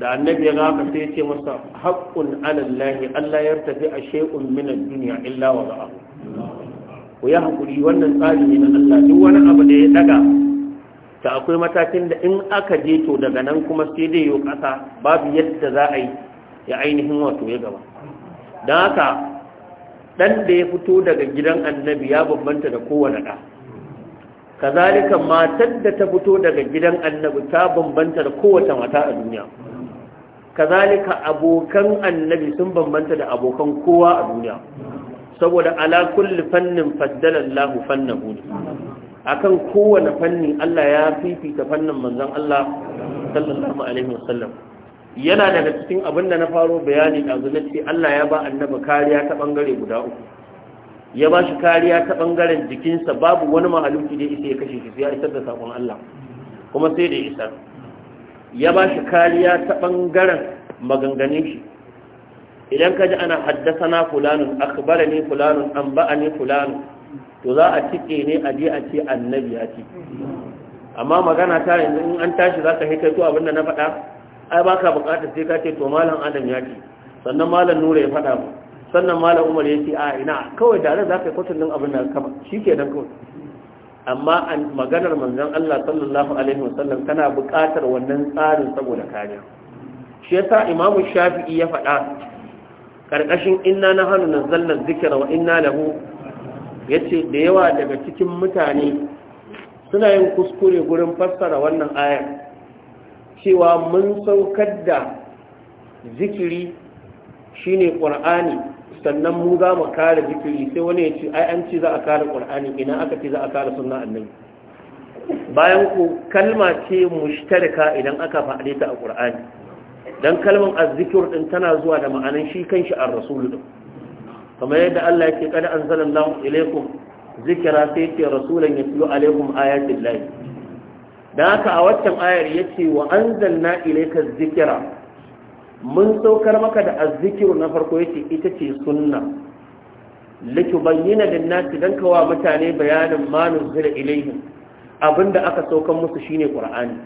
da annabi ya haka sai ya ce masa haqqun ala allah ya tafi a shay'un min ad-dunya illa wa ku yi hakuri wannan tsari ne na Allah duk wani abu da ya daga ta akwai matakin da in aka je to daga nan kuma sai dai yau ƙasa babu yadda za a yi ya ainihin wato ya gaba don haka ɗan da ya fito daga gidan annabi ya bambanta da kowane ɗa kazalika matar da ta fito daga gidan annabi ta bambanta da kowace mata a duniya kazalika abokan annabi sun bambanta da abokan kowa a duniya saboda ala kulli fannin faddala Allahu fannahu akan kowane fanni Allah ya fifita fannin manzon Allah sallallahu alaihi wasallam yana daga cikin abin da na faro bayani da ce Allah ya ba annabi kariya ta bangare guda uku ya ba shi kariya ta bangaren jikinsa babu wani mahaluki da yake ya kashe shi ya isar da sakon Allah kuma sai da isa ya ba shi kariya ta bangaren maganganun shi idan ka ji ana haddasana fulanun akbarani fulanun ne fulanun to za a cike ne a je a ce annabi ya ce amma magana ta yanzu in an tashi za ka hikaito abin da na faɗa ai ba ka buƙatar sai ka ce to malam adam ya ce sannan malam nura ya faɗa ba sannan malam umar ya ce a ina kawai da za ka yi kwatannin abin da kama shi ke nan kawai amma maganar manzon Allah sallallahu alaihi wasallam tana buƙatar wannan tsarin saboda kariya shi yasa imamu shafi'i ya faɗa ƙarƙashin inna na hannu na zallar zikira wa inna lahu ya ce da yawa daga cikin mutane suna yin kuskure gurin fassara wannan ayar cewa mun saukar da zikiri shi ne ƙur'ani sannan mu za mu kare zikiri sai wani ya ce ai an ce za a kare ƙur'ani ina aka ce za a kare suna annai bayan ku kalma ce mushtarika idan aka faɗe ta a ƙur'ani dan kalmar azzikir din tana zuwa da ma'anan shi kanshi ar-rasul din kamar yadda Allah yake kada anzalallahu ilaikum zikra sai ce rasulan yatlu alaikum ayatil lahi dan haka a waccan ayar yace wa anzalna ilaika zikira? mun saukar maka da azikir na farko yace ita ce sunna bayyana lin-nasi dan kawa mutane bayanin ma nuzila ilaihim abinda aka saukan musu shine qur'ani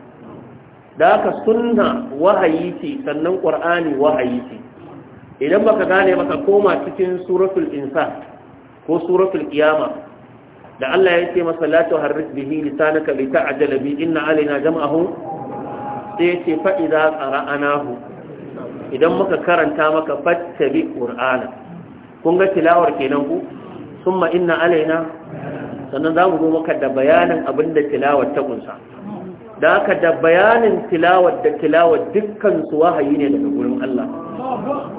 da haka sunna wahayi ce sannan qur'ani wahayi ce idan baka gane maka koma cikin suratul insa ko suratul qiyama da Allah ya ce masa la tuharrik bihi lisanaka lita'jala bi inna alaina jam'ahu sai ya ce fa idza qara'anahu idan muka karanta maka fattabi qur'ana kun ga tilawar kenan ku summa inna alaina sannan za mu zo maka da bayanin abinda tilawar ta kunsa da haka da bayanin tilawar da tilawar dukkan wahayi ne daga gurin Allah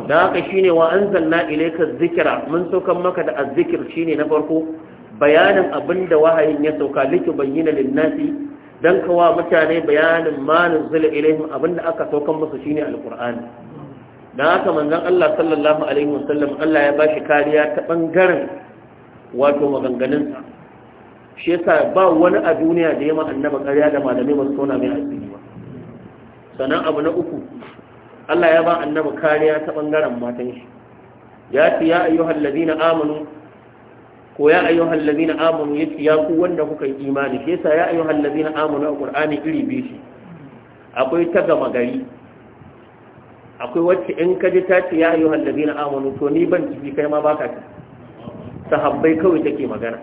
da shi shine wa anzalna ilayka zikira mun saukan maka da azzikir ne na farko bayanin abinda wahayin ya sauka liki bayyana linnasi dan kawa mutane bayanin manin nuzila ilaihim abinda aka saukan musu shine alkur'ani da haka manzon Allah sallallahu alaihi wasallam Allah ya shi kariya ta ɓangaren wato maganganunsa shi yasa ba wani a duniya da yamma annaba ƙarya da malamai ba su tona mai addini ba sannan abu na uku Allah ya ba annaba kariya ta bangaren matan shi ya ce ya ayyuha allazina amanu ko ya ayyuha allazina amanu yace ya ku wanda kuka yi imani shi yasa ya ayyuha allazina amanu alqur'ani iri bi shi akwai ta gama gari akwai wacce in ka ji ta ce ya ayyuhal ladina amanu to ni ban ciki kai ma baka ta sahabbai kawai take magana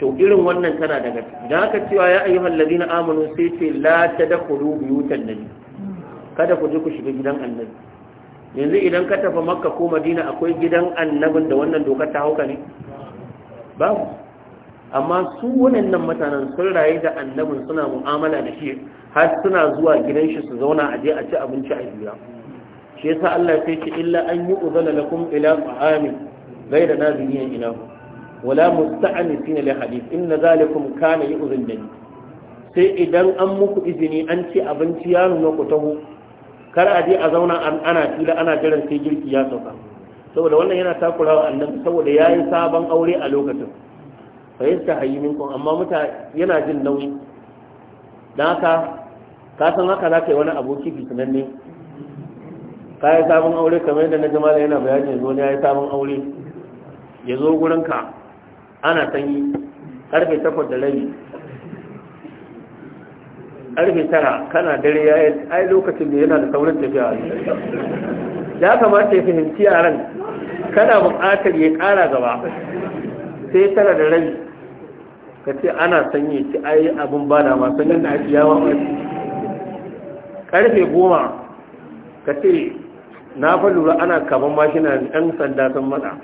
to irin wannan tana daga ciki da haka cewa ya ayyuhal ladina amanu sai ce la tadkhulu buyutan nabi kada ku je ku shiga gidan annabi yanzu idan ka tafi makka ko madina akwai gidan annabin da wannan dokar ta hauka ne babu amma su waɗannan mutanen sun rayu da annabin suna mu'amala da shi har suna zuwa gidan shi su zauna a je a ci abinci a jira shi yasa Allah sai ce illa an yi uzala lakum ila ta'amin ghayra nazirin ilahu wala musta'anisina li hadith inna zalikum kana yu'zin nabi sai idan an muku izini an ce abinci ya nuna ku taho kar a je a zauna ana fila ana jiran sai girki ya sauka saboda wannan yana takurawa annabi saboda yayi sabon aure a lokacin fa yastahi minkum amma muta yana jin nauyi dan haka ka san haka za ka yi wani aboki ki ne ka yi sabon aure kamar yadda na jama'a yana bayani zo ne ya yi sabon aure ya zo gurinka ana sanyi karfe takwas da rami, karfe tara kana dare ya yi ai lokacin da yana da saurin tafiya ya kamata ya fahimci yaran kana buƙatar ya ƙara gaba sai tara da rami, ka ce ana sanyi ci ai abin ba da masu yin da ake yawon wasu karfe goma ka ce na fa lura ana kaban mashina yan sanda sun mata.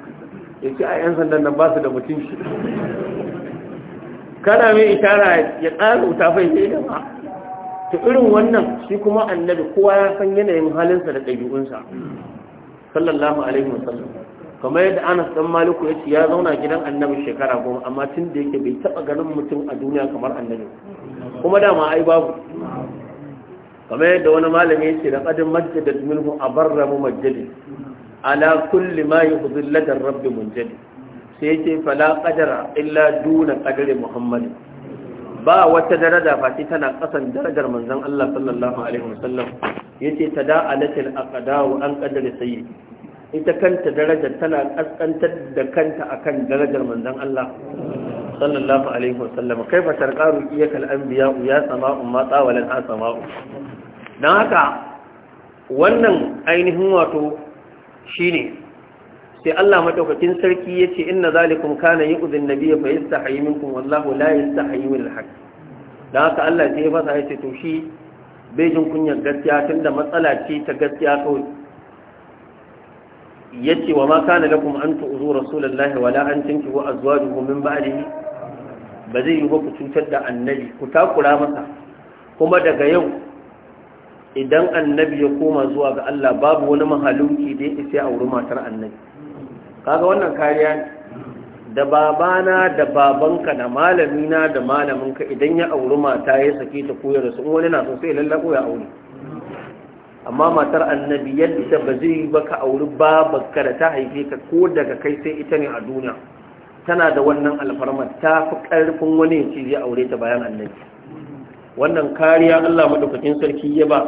ya a 'yan sandan nan ba su da mutunci kada mai itara ya tsara wuta fai ne da ba ta irin wannan shi kuma annabi kowa ya san yanayin halinsa da ɗabi'unsa sallallahu alaihi wasallam kamar yadda anas dan maliku ya ce ya zauna gidan annabi shekara goma amma tun da yake bai taba ganin mutum a duniya kamar annabi kuma dama ai babu kamar yadda wani malami ya ce da ƙadin majjadar milhu a barra mu majjadin ala kulli ma yuhdhil ladar rabbi munjadi sai yake fala qadara illa duna qadari Muhammadu. ba wata daraja fati tana kasan darajar manzon Allah sallallahu alaihi wasallam yace tada'alatil aqdaru an qadari sayi, ita kanta darajar tana kaskantar da kanta akan darajar manzon Allah sallallahu alaihi wasallam kaifa tarqaru ya sama'u ma tawalan asama'u Don haka wannan ainihin wato shine sai Allah madaukakin sarki yace inna zalikum kana yu'dhin nabiyya fa yastahi minkum wallahu la yastahi min al-haq dan haka Allah sai ya fasa yace to shi bai jin kunyar gaskiya tunda matsala ce ta gaskiya kawai yace wa ma kana lakum an tu'zu rasulullahi wala an tankihu azwajuhu min ba'dihi ba zai yi ba ku cutar da annabi ku takura masa kuma daga yau idan annabi ya koma zuwa ga Allah babu wani mahaluki da ya sai auri matar annabi kaga wannan kariya da babana da babanka da malamina da malaminka idan ya auri mata ya sake ta koyar su wani na so sai lallako ya auri. amma matar annabi yadda ba zai ba ka auri babanka da ta haife ka ko daga kai sai ita ne a duniya tana da wannan alfarmar ta fi ƙarfin wani ya ce zai aure ta bayan annabi wannan kariya Allah madaukakin sarki ya ba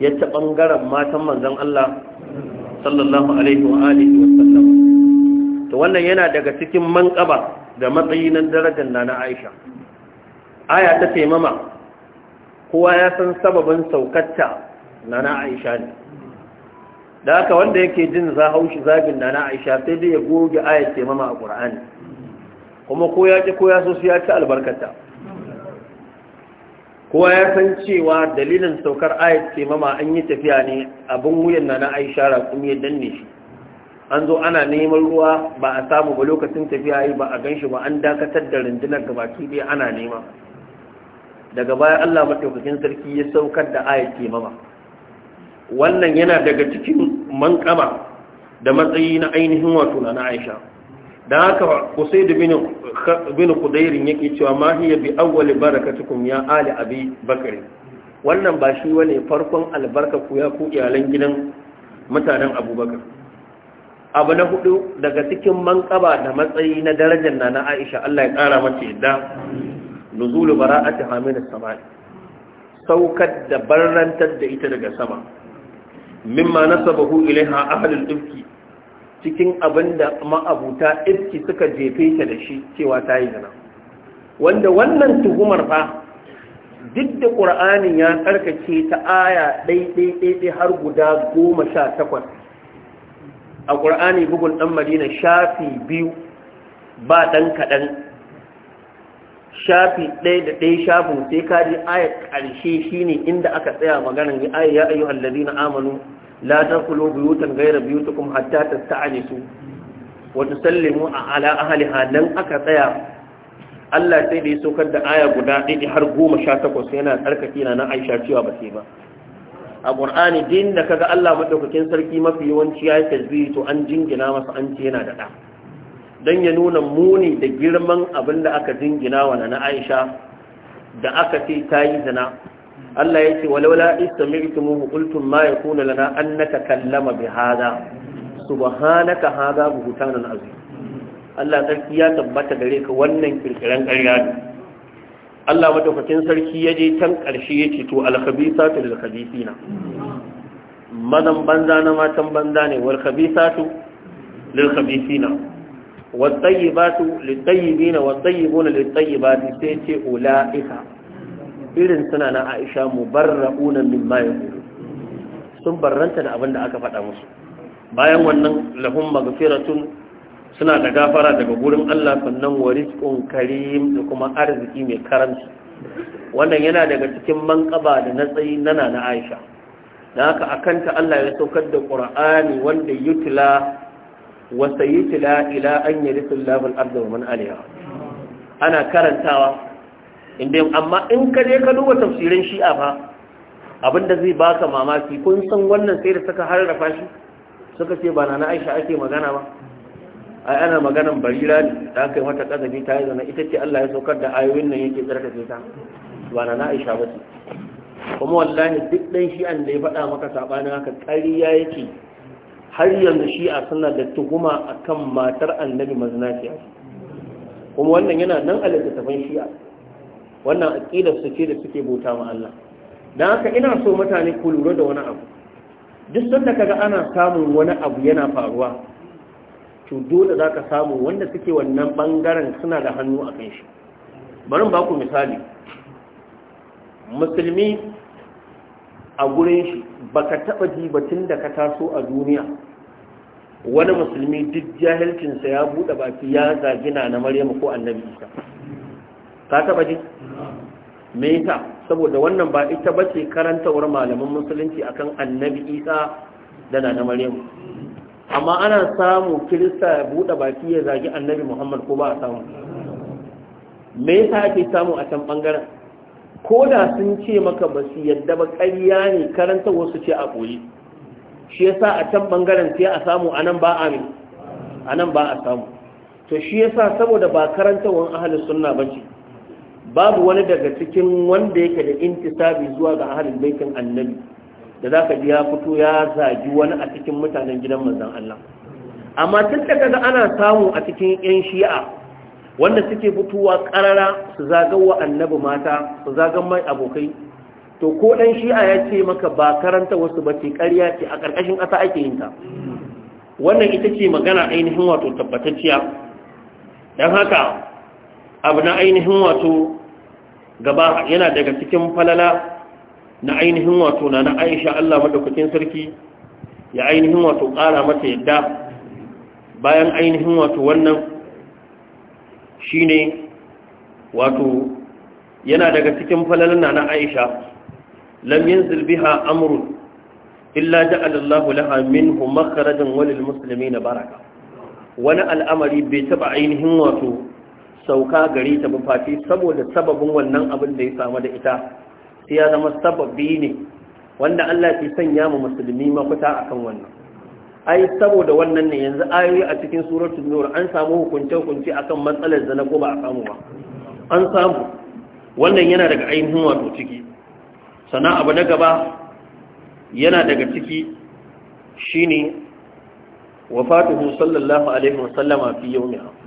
ya ta bangaren matan manzon Allah sallallahu alaihi wa alihi wa to wannan yana daga cikin manqaba da matsayi nan darajar nana Aisha aya ta taimama kowa ya san sababin saukarta nana Aisha ne da haka wanda yake jin za haushi zagin nana aisha sai dai ya goge ayar taimama a ƙur'ani kuma ko ya ci ko ya so su ya ci albarkata kowa ya san cewa dalilin saukar ayat ke mama an yi tafiya ne abin wuyan na na aisha raƙum ya danne shi an zo ana neman ruwa ba a samu ba lokacin tafiya yi ba a gan shi ba an dakatar da rundunar baki ɗaya ana nema daga baya allah maɗaukakin sarki ya saukar da ayat ke mama wannan yana daga cikin mankama da matsayi na ainihin wato na aisha da haka kusai da bin kudairin yake cewa ma hiya bi awwali barakatukum ya ali abi bakari wannan ba shi wane farkon albarka ku ya ku iyalan gidan mutanen abubakar abu na hudu daga cikin mankaba da matsayi na darajar na na aisha allah ya kara mace yadda nuzulu bara'ati hamil samai saukar da barrantar da ita daga sama mimma nasabahu ilaiha ahlul ibki cikin abin da ma'abuta ifki suka jefe ta da shi cewa ta yi zina wanda wannan tuhumar fa duk da ƙur'anin ya tsarkake ta aya ɗaiɗaiɗaiɗai har guda goma sha takwas a ƙur'ani bugun ɗan madina shafi biyu ba ɗan kaɗan shafi ɗaya da ɗaya shafin sai kaji aya ƙarshe shine inda aka tsaya maganin ya ayyu allazina amanu la tadkhulu buyutan ghayra buyutikum hatta tasta'nisu wa a ala ha nan aka tsaya Allah sai da ya saukar da aya guda ɗaya har goma sha takwas yana tsarkake na na Aisha cewa ba sai ba a ƙur'ani din da kaga Allah maɗaukakin sarki mafi yawanci ya yi tasbihi to an jingina masa an ce yana da ɗa don ya nuna muni da girman abin da aka jingina wa na Aisha da aka ce ta yi zina Allah ya ce miliki muku qultum ma ya kuna lana an kallama bi haza, bu hada na azu Allah sarki ya tabbata gare ka wannan kirkiran ƙarya ne Allah madaukakin sarki ya je can ƙarshe ya ce to al-khabisatu lil-khabisina mazan banza na matan banza ne wal khabisatu lil-khabisina والطيبات للطيبين والطيبون sai ce أولئك irin suna na aisha mu min mimma yaqulu sun barranta da abin da aka faɗa musu bayan wannan lahum magfiratun suna da gafara daga gurin Allah sannan wa rizqun karim da kuma arziki mai karanci wannan yana daga cikin manƙaba da na tsayi na na Aisha dan haka akanta Allah ya saukar da Qur'ani wanda yutla wa sayutla ila an yarithullahu al ardu wa man alaiha ana karantawa inda amma in ka je ka duba tafsirin shi'a fa abinda zai baka mamaki kun san wannan sai da suka harrafa shi suka ce ba na na aisha ake magana ba ai ana maganan barira ne da aka yi mata kazabi ta yi zana ita ce Allah ya saukar da ayoyin nan yake tsarkake ta ba na na aisha ba ce kuma wallahi duk dan shi'an da ya faɗa maka sabanin haka ƙariya yake har yanzu shi'a suna da tuhuma akan matar annabi mazinaciya kuma wannan yana nan a littattafan shi'a wannan aqidar su ce da suke bauta wa Allah dan haka ina so mutane ku lura da wani abu duk sanda kaga ana samun wani abu yana faruwa to dole zaka samu wanda suke wannan bangaren suna da hannu a kan shi bari ba ku misali musulmi a gurin shi baka taba jibatin da ka taso a duniya wani musulmi duk jahilcinsa ya buɗe baki ya zagina na maryamu ko annabi isa ka taba ji me yasa saboda wannan ba ita bace wurin malaman musulunci akan annabi isa da na maryamu amma ana samu kirista ya buɗe baki ya zagi annabi muhammad ko ba a samu me yasa ake samu a can ɓangaren ko da sun ce maka ba su yadda ba ƙarya ne karanta wasu ce a ɓoye shi yasa a can ɓangaren sai a samu a nan ba a a nan ba a samu to shi yasa saboda ba karantawan ahalin sunna ba ce babu wani daga cikin wanda yake da intisabi zuwa ga ahalin baitin annabi da za ka ji ya fito ya zagi wani a cikin mutanen gidan manzan Allah amma tun da kaga ana samu a cikin yan shi'a wanda suke fitowa karara su zagawa annabi mata su zagan mai abokai to ko dan shi'a ya ce maka ba karanta wasu ba ce ƙarya ce a ƙarƙashin ƙasa ake yin ta wannan ita ce magana ainihin wato tabbatacciya dan haka abu na ainihin wato gaba yana daga cikin falala na ainihin wato na Aisha Allah madaukakin sarki ya ainihin wato ƙara mata yadda bayan ainihin wato wannan shine wato yana daga cikin falalana na Aisha lam yanzil biha amrun illa ja'ala Allahu laha minhu makharajan walil na baraka wani al'amari bai taba ainihin wato sauka gari ta bufati saboda sababin wannan abin da ya samu da ita sai ya zama sababi ne wanda Allah ke sanya mu musulmi mafita akan wannan ai saboda wannan ne yanzu ayoyi a cikin suratul nur an samu hukunce hukunce akan matsalar zina ko ba a samu ba an samu wannan yana daga ainihin wato ciki sana abu na gaba yana daga ciki shine wafatuhu sallallahu alaihi wasallama fi yawmiha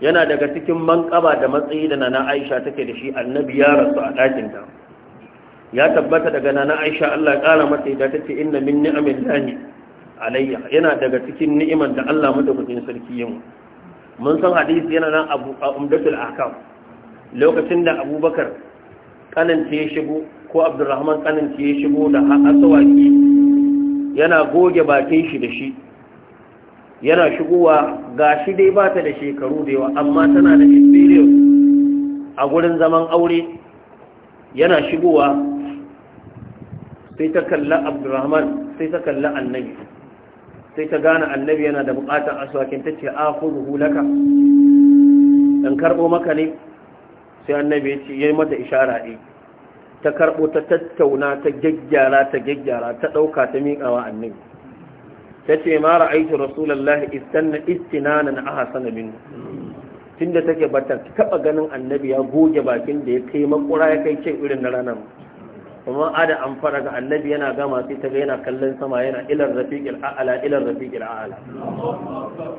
yana daga cikin manƙaba da matsayi da nana aisha take da shi annabi ya rasu a ɗakinta ya tabbata daga nana aisha allah ya ƙara mata ya ta ce inna min ni'amin alayya yana daga cikin ni'iman da allah madaukakin sarki yin mun san hadisi yana nan abu a umdatul ahkam lokacin da abubakar kananta ya shigo ko abdurrahman kananta ya shigo da asawaki yana goge bakin shi da shi yana shigowa ga shi dai ba ta da shekaru da yawa amma tana da experience a gurin zaman aure yana shigowa sai ta kalla abdurrahman sai ta kalla annabi sai ta gane annabi yana da bukatar aswakin ta ce a kuzuhu laka in karɓo maka ne sai annabi ya ce ya yi mata ishara ɗaya eh. ta karɓo ta tattauna ta gyaggyara ta gyaggyara ta ɗauka ta miƙawa annabi tace ma ra'aytu rasulullahi istanna istinanan ahsana tun tunda take bata taba ganin annabi ya goge bakin da ya kai makura ya kai ce irin na ranar kuma ada an fara ga annabi yana gama sai ta ga yana kallon sama yana ilar rafiƙil a'ala ilar rafiƙil a'ala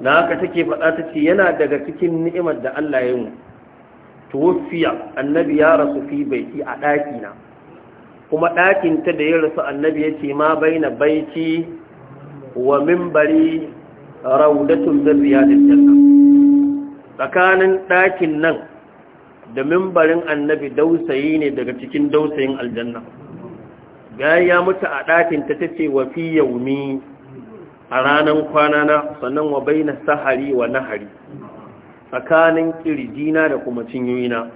na haka take faɗa ta ce yana daga cikin ni'imar da Allah ya yi tuwafiya annabi ya rasu fi baiti a ɗakina. kuma ɗakinta da ya rasu annabi ya ce ma baina baiti wa mimbari raudatun min da janna tsakanin ɗakin nan da mimbarin annabi dausayi ne daga cikin dausayin aljanna gaya ya mutu a ɗakin ta tace wa fi yaumi a ranan kwanana sannan wa baina sahari wa nahari tsakanin kirjina da kuma cinyoyina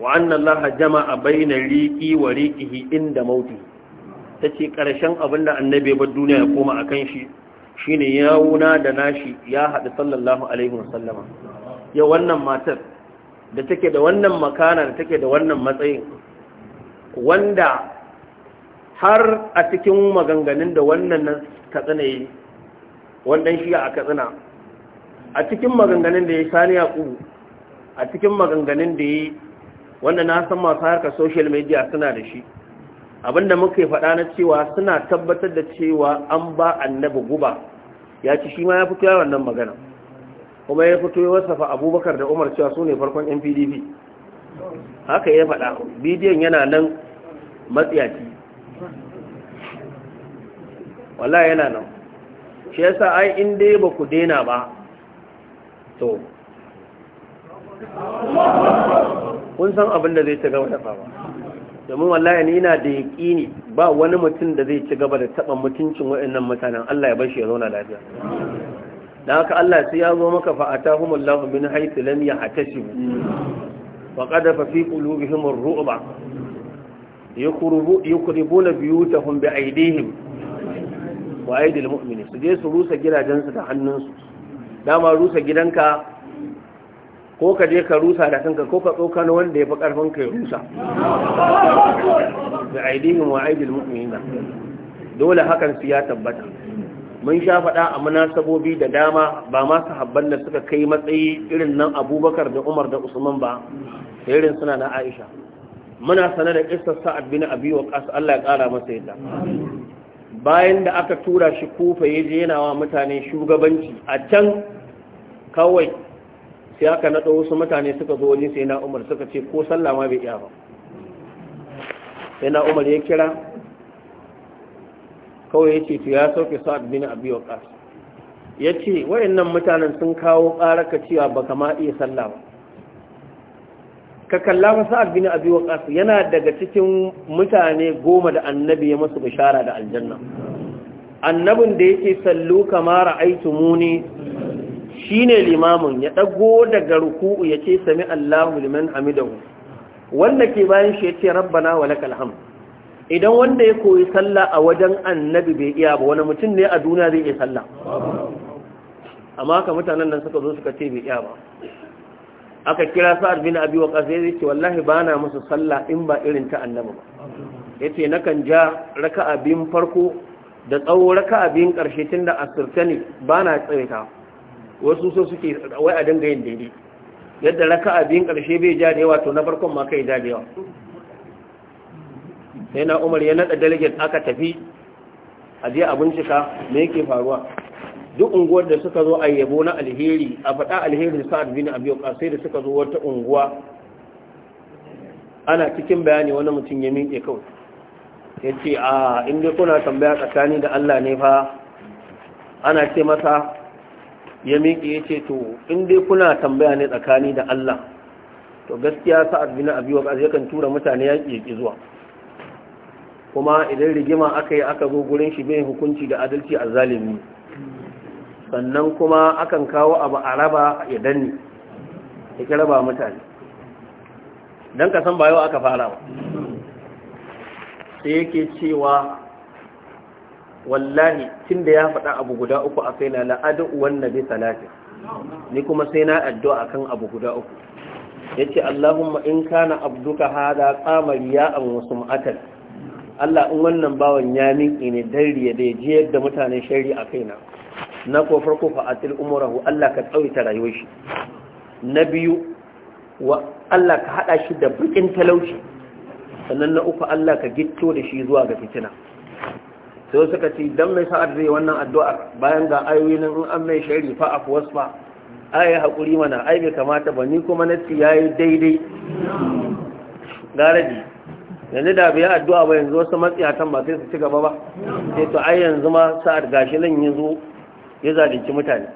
wa annan laha jama'a bainar riƙi wa riƙihi inda mauti ta ce ƙarshen abin da annabi ba duniya ya koma a kan shi ya yawuna da nashi ya haɗu sallallahu alaihi wasallama ya wannan matar da take da wannan makana da take da wannan matsayin wanda har a cikin maganganun da wannan na katsina yi wannan shi a katsina a cikin maganganun da ya sani ya ƙu a cikin maganganun da ya yi wanda na san masu harkar social media suna da shi abinda muka yi faɗa na cewa suna tabbatar da cewa an ba annabi guba ya ci shi ma ya fito nan magana kuma ya fito ya wasafa abubakar da umar cewa su ne farkon yan pdp haka ya faɗa bidiyon yana nan matsiyaci wala yana nan shi ya sa ai in dai ba ku dena ba to kun san abin da zai ta gaba da ba domin wallahi ni ina da yaƙini ba wani mutum da zai ci gaba da taɓa mutuncin waɗannan mutanen Allah ya bar shi ya zauna lafiya da haka Allah sai ya zo maka fa'ata humul lahu min haythu lam yahtasibu wa fa fi qulubihim ar-ru'ba yakrubu yakribuna biyutahum bi aydihim wa aydil mu'minin su je su rusa gidajensu da hannunsu dama rusa gidanka ko ka je ka rusa da kanka ko ka tsokano wanda ya fi karfin ka ya rusa da aidihin wa aidil mu'mina dole hakan su ya tabbata mun sha faɗa a munasabobi da dama ba ma habban da suka kai matsayi irin nan abubakar da umar da usman ba da irin suna na aisha muna sanar da kissar sa'ad bin abi waqas Allah ya kara masa yadda bayan da aka tura shi kufa ya je yana mutane shugabanci a can kawai sai aka naɗo wasu mutane suka zo wajen sai na umar suka ce ko sallah ma bai iya ba sai na umar ya kira kawai ya ce to ya sauke sa'ad bin abi ka ya ce wayannan mutanen sun kawo ƙararka cewa ba kama iya sallah ba ka kalla ba sa'ad bin abi ka yana daga cikin mutane goma da annabi ya masu bishara da aljanna annabin da yake sallu aitu muni. Shi ne limamin ya ɗago daga ruku'u ce sami Allahu liman hamidahu wanda ke bayan shi ya yace rabbana walakal hamd idan wanda ya koyi sallah a wajen annabi bai iya ba wani mutum ne a duniya zai iya salla amma haka mutanen nan suka zo suka ce bai iya ba aka kira sa'ad bin abi waqas yace wallahi bana musu sallah in ba irin ta annabi ba yace nakan ja raka'a bin farko da tsawo raka'a bin karshe tunda asirtani bana tsawaita wasu so suke wai a dinga yin daidai yadda a biyun karshe bai ja da yawa to na farkon ma kai ja da yawa sai na umar ya nada delegate aka tafi a je a bincika me yake faruwa duk unguwar da suka zo a yabo na alheri a faɗa alherin sa'ad bin abi sai da suka zo wata unguwa ana cikin bayani wani mutum ya miƙe kawai ya ce a ah, inda kuna tambaya tsakani da Allah ne fa ana ce masa ya miƙe ya ce to in dai kuna tambaya ne tsakani da Allah to gaskiya sa'ad bin abi wa yakan tura mutane yaƙi ya zuwa kuma idan rigima aka yi aka zo gurin shi bai hukunci da adalci a zalimi sannan kuma akan kawo abu a raba ya danne ya kira ba mutane don ka san ba yau aka fara ba sai yake cewa wallahi tun da ya faɗa abu guda uku a kaina la'adu wannan bi talatin ni kuma sai na addu'a kan abu guda uku yace Allahumma in kana abduka hada qama riya'an wasu sum'atan Allah in wannan bawan ya miki ne dan riya da ji yadda mutane shari a kaina na ko farko fa atil umrahu Allah ka ta rayuwar shi na biyu wa Allah ka hada shi da bukin talauci sannan na uku Allah ka gitto da shi zuwa ga fitina sai suka ce dan mai sa'ad zai wannan addu'ar bayan ga ayoyi nan in an mai shari fa aku a yi hakuri mana ai bai kamata ba ni kuma ya yi daidai garaji yanzu da bai addu'a ba yanzu wasu matsiyatan ba sai su ci gaba ba sai to ai yanzu ma sa'ad gashi nan yanzu ya zalunci mutane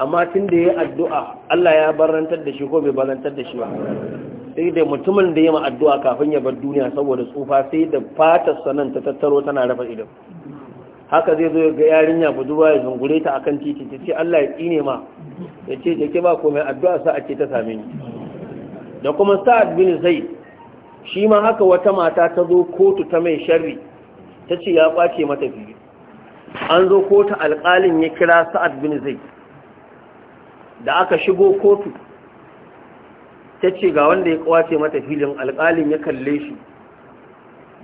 amma tun da ya yi addu'a Allah ya barantar da shi ko bai barantar da shi ba sai da mutumin da ya ma addu'a kafin ya bar duniya saboda tsufa sai da fatar sanan ta tattaro tana rafa idan haka zai zo ga yarinya budurwa ya zungure ta akan titi ta ce Allah ya tsine ma ya ce ke ba komai addu'a sa ce ta same ni da kuma sa'ad bin zai shi ma haka wata mata ta zo kotu ta mai sharri ta ce ya kwace mata fili an zo kotu alƙalin ya kira sa'ad bin zai da aka shigo kotu ta ce ga wanda ya kwace mata filin alƙalin ya kalle shi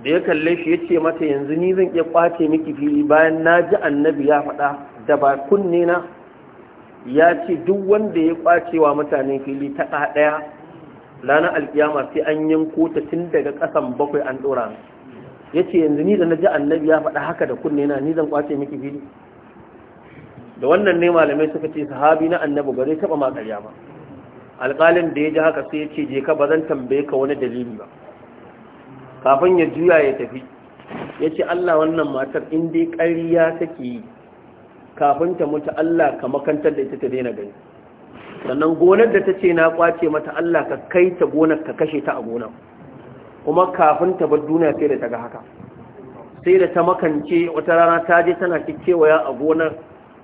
da ya kalle shi ya ce mata yanzu ni zan iya kwace miki fili bayan na ji annabi ya faɗa da ba kunne na ya ce duk wanda ya kwace wa mutane fili ta ɗaya ranar alƙiyama sai an yanko ta tun daga ƙasan bakwai an ɗora ya ce yanzu ni da na ji annabi ya faɗa haka da kunne na ni zan kwace miki fili da wannan ne malamai suka ce sahabi na annabi ba zai taɓa ma ƙarya ba alƙalin da ya ji haka sai ya ce je ka ba zan tambaye ka wani dalili ba kafin ya juya ya tafi ya ce Allah wannan matar in dai ya take yi kafin ta mutu Allah ka makantar da ita ta daina gani sannan gonar da ta ce na kwace mata Allah ka kai ta gonar ka kashe ta a gonar kuma kafin ta bar duniya sai da ta ga haka sai da ta makance wata rana ta je tana kewaya a gonar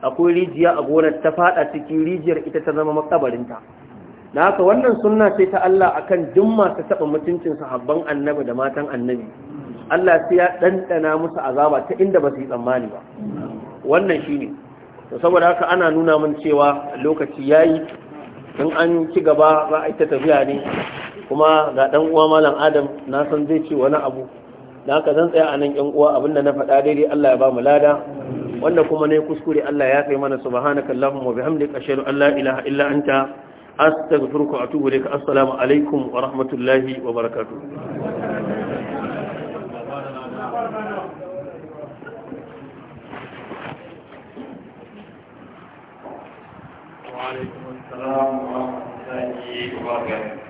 akwai rijiya a gonar ta faɗa cikin rijiyar ita ta zama makabarinta da haka wannan sunna ce ta Allah akan duk masu taɓa mutuncin sahabban annabi da matan annabi Allah sai ya ɗanɗana musu azaba ta inda ba su yi tsammani ba wannan shine to saboda haka ana nuna min cewa lokaci yayi in an ci gaba za a yi ta tafiya ne kuma ga dan uwa malam Adam na san zai ce wani abu da haka zan tsaya a nan yan uwa abin da na faɗa daidai Allah ya ba mu lada wanda kuma ne kuskure Allah ya kai mana subhanakallahumma wa bihamdika ashhadu an la ilaha illa anta astaghfiruka wa atubu ilayka assalamu alaikum wa rahmatullahi wa barakatuh وعليكم السلام ورحمة wa وبركاته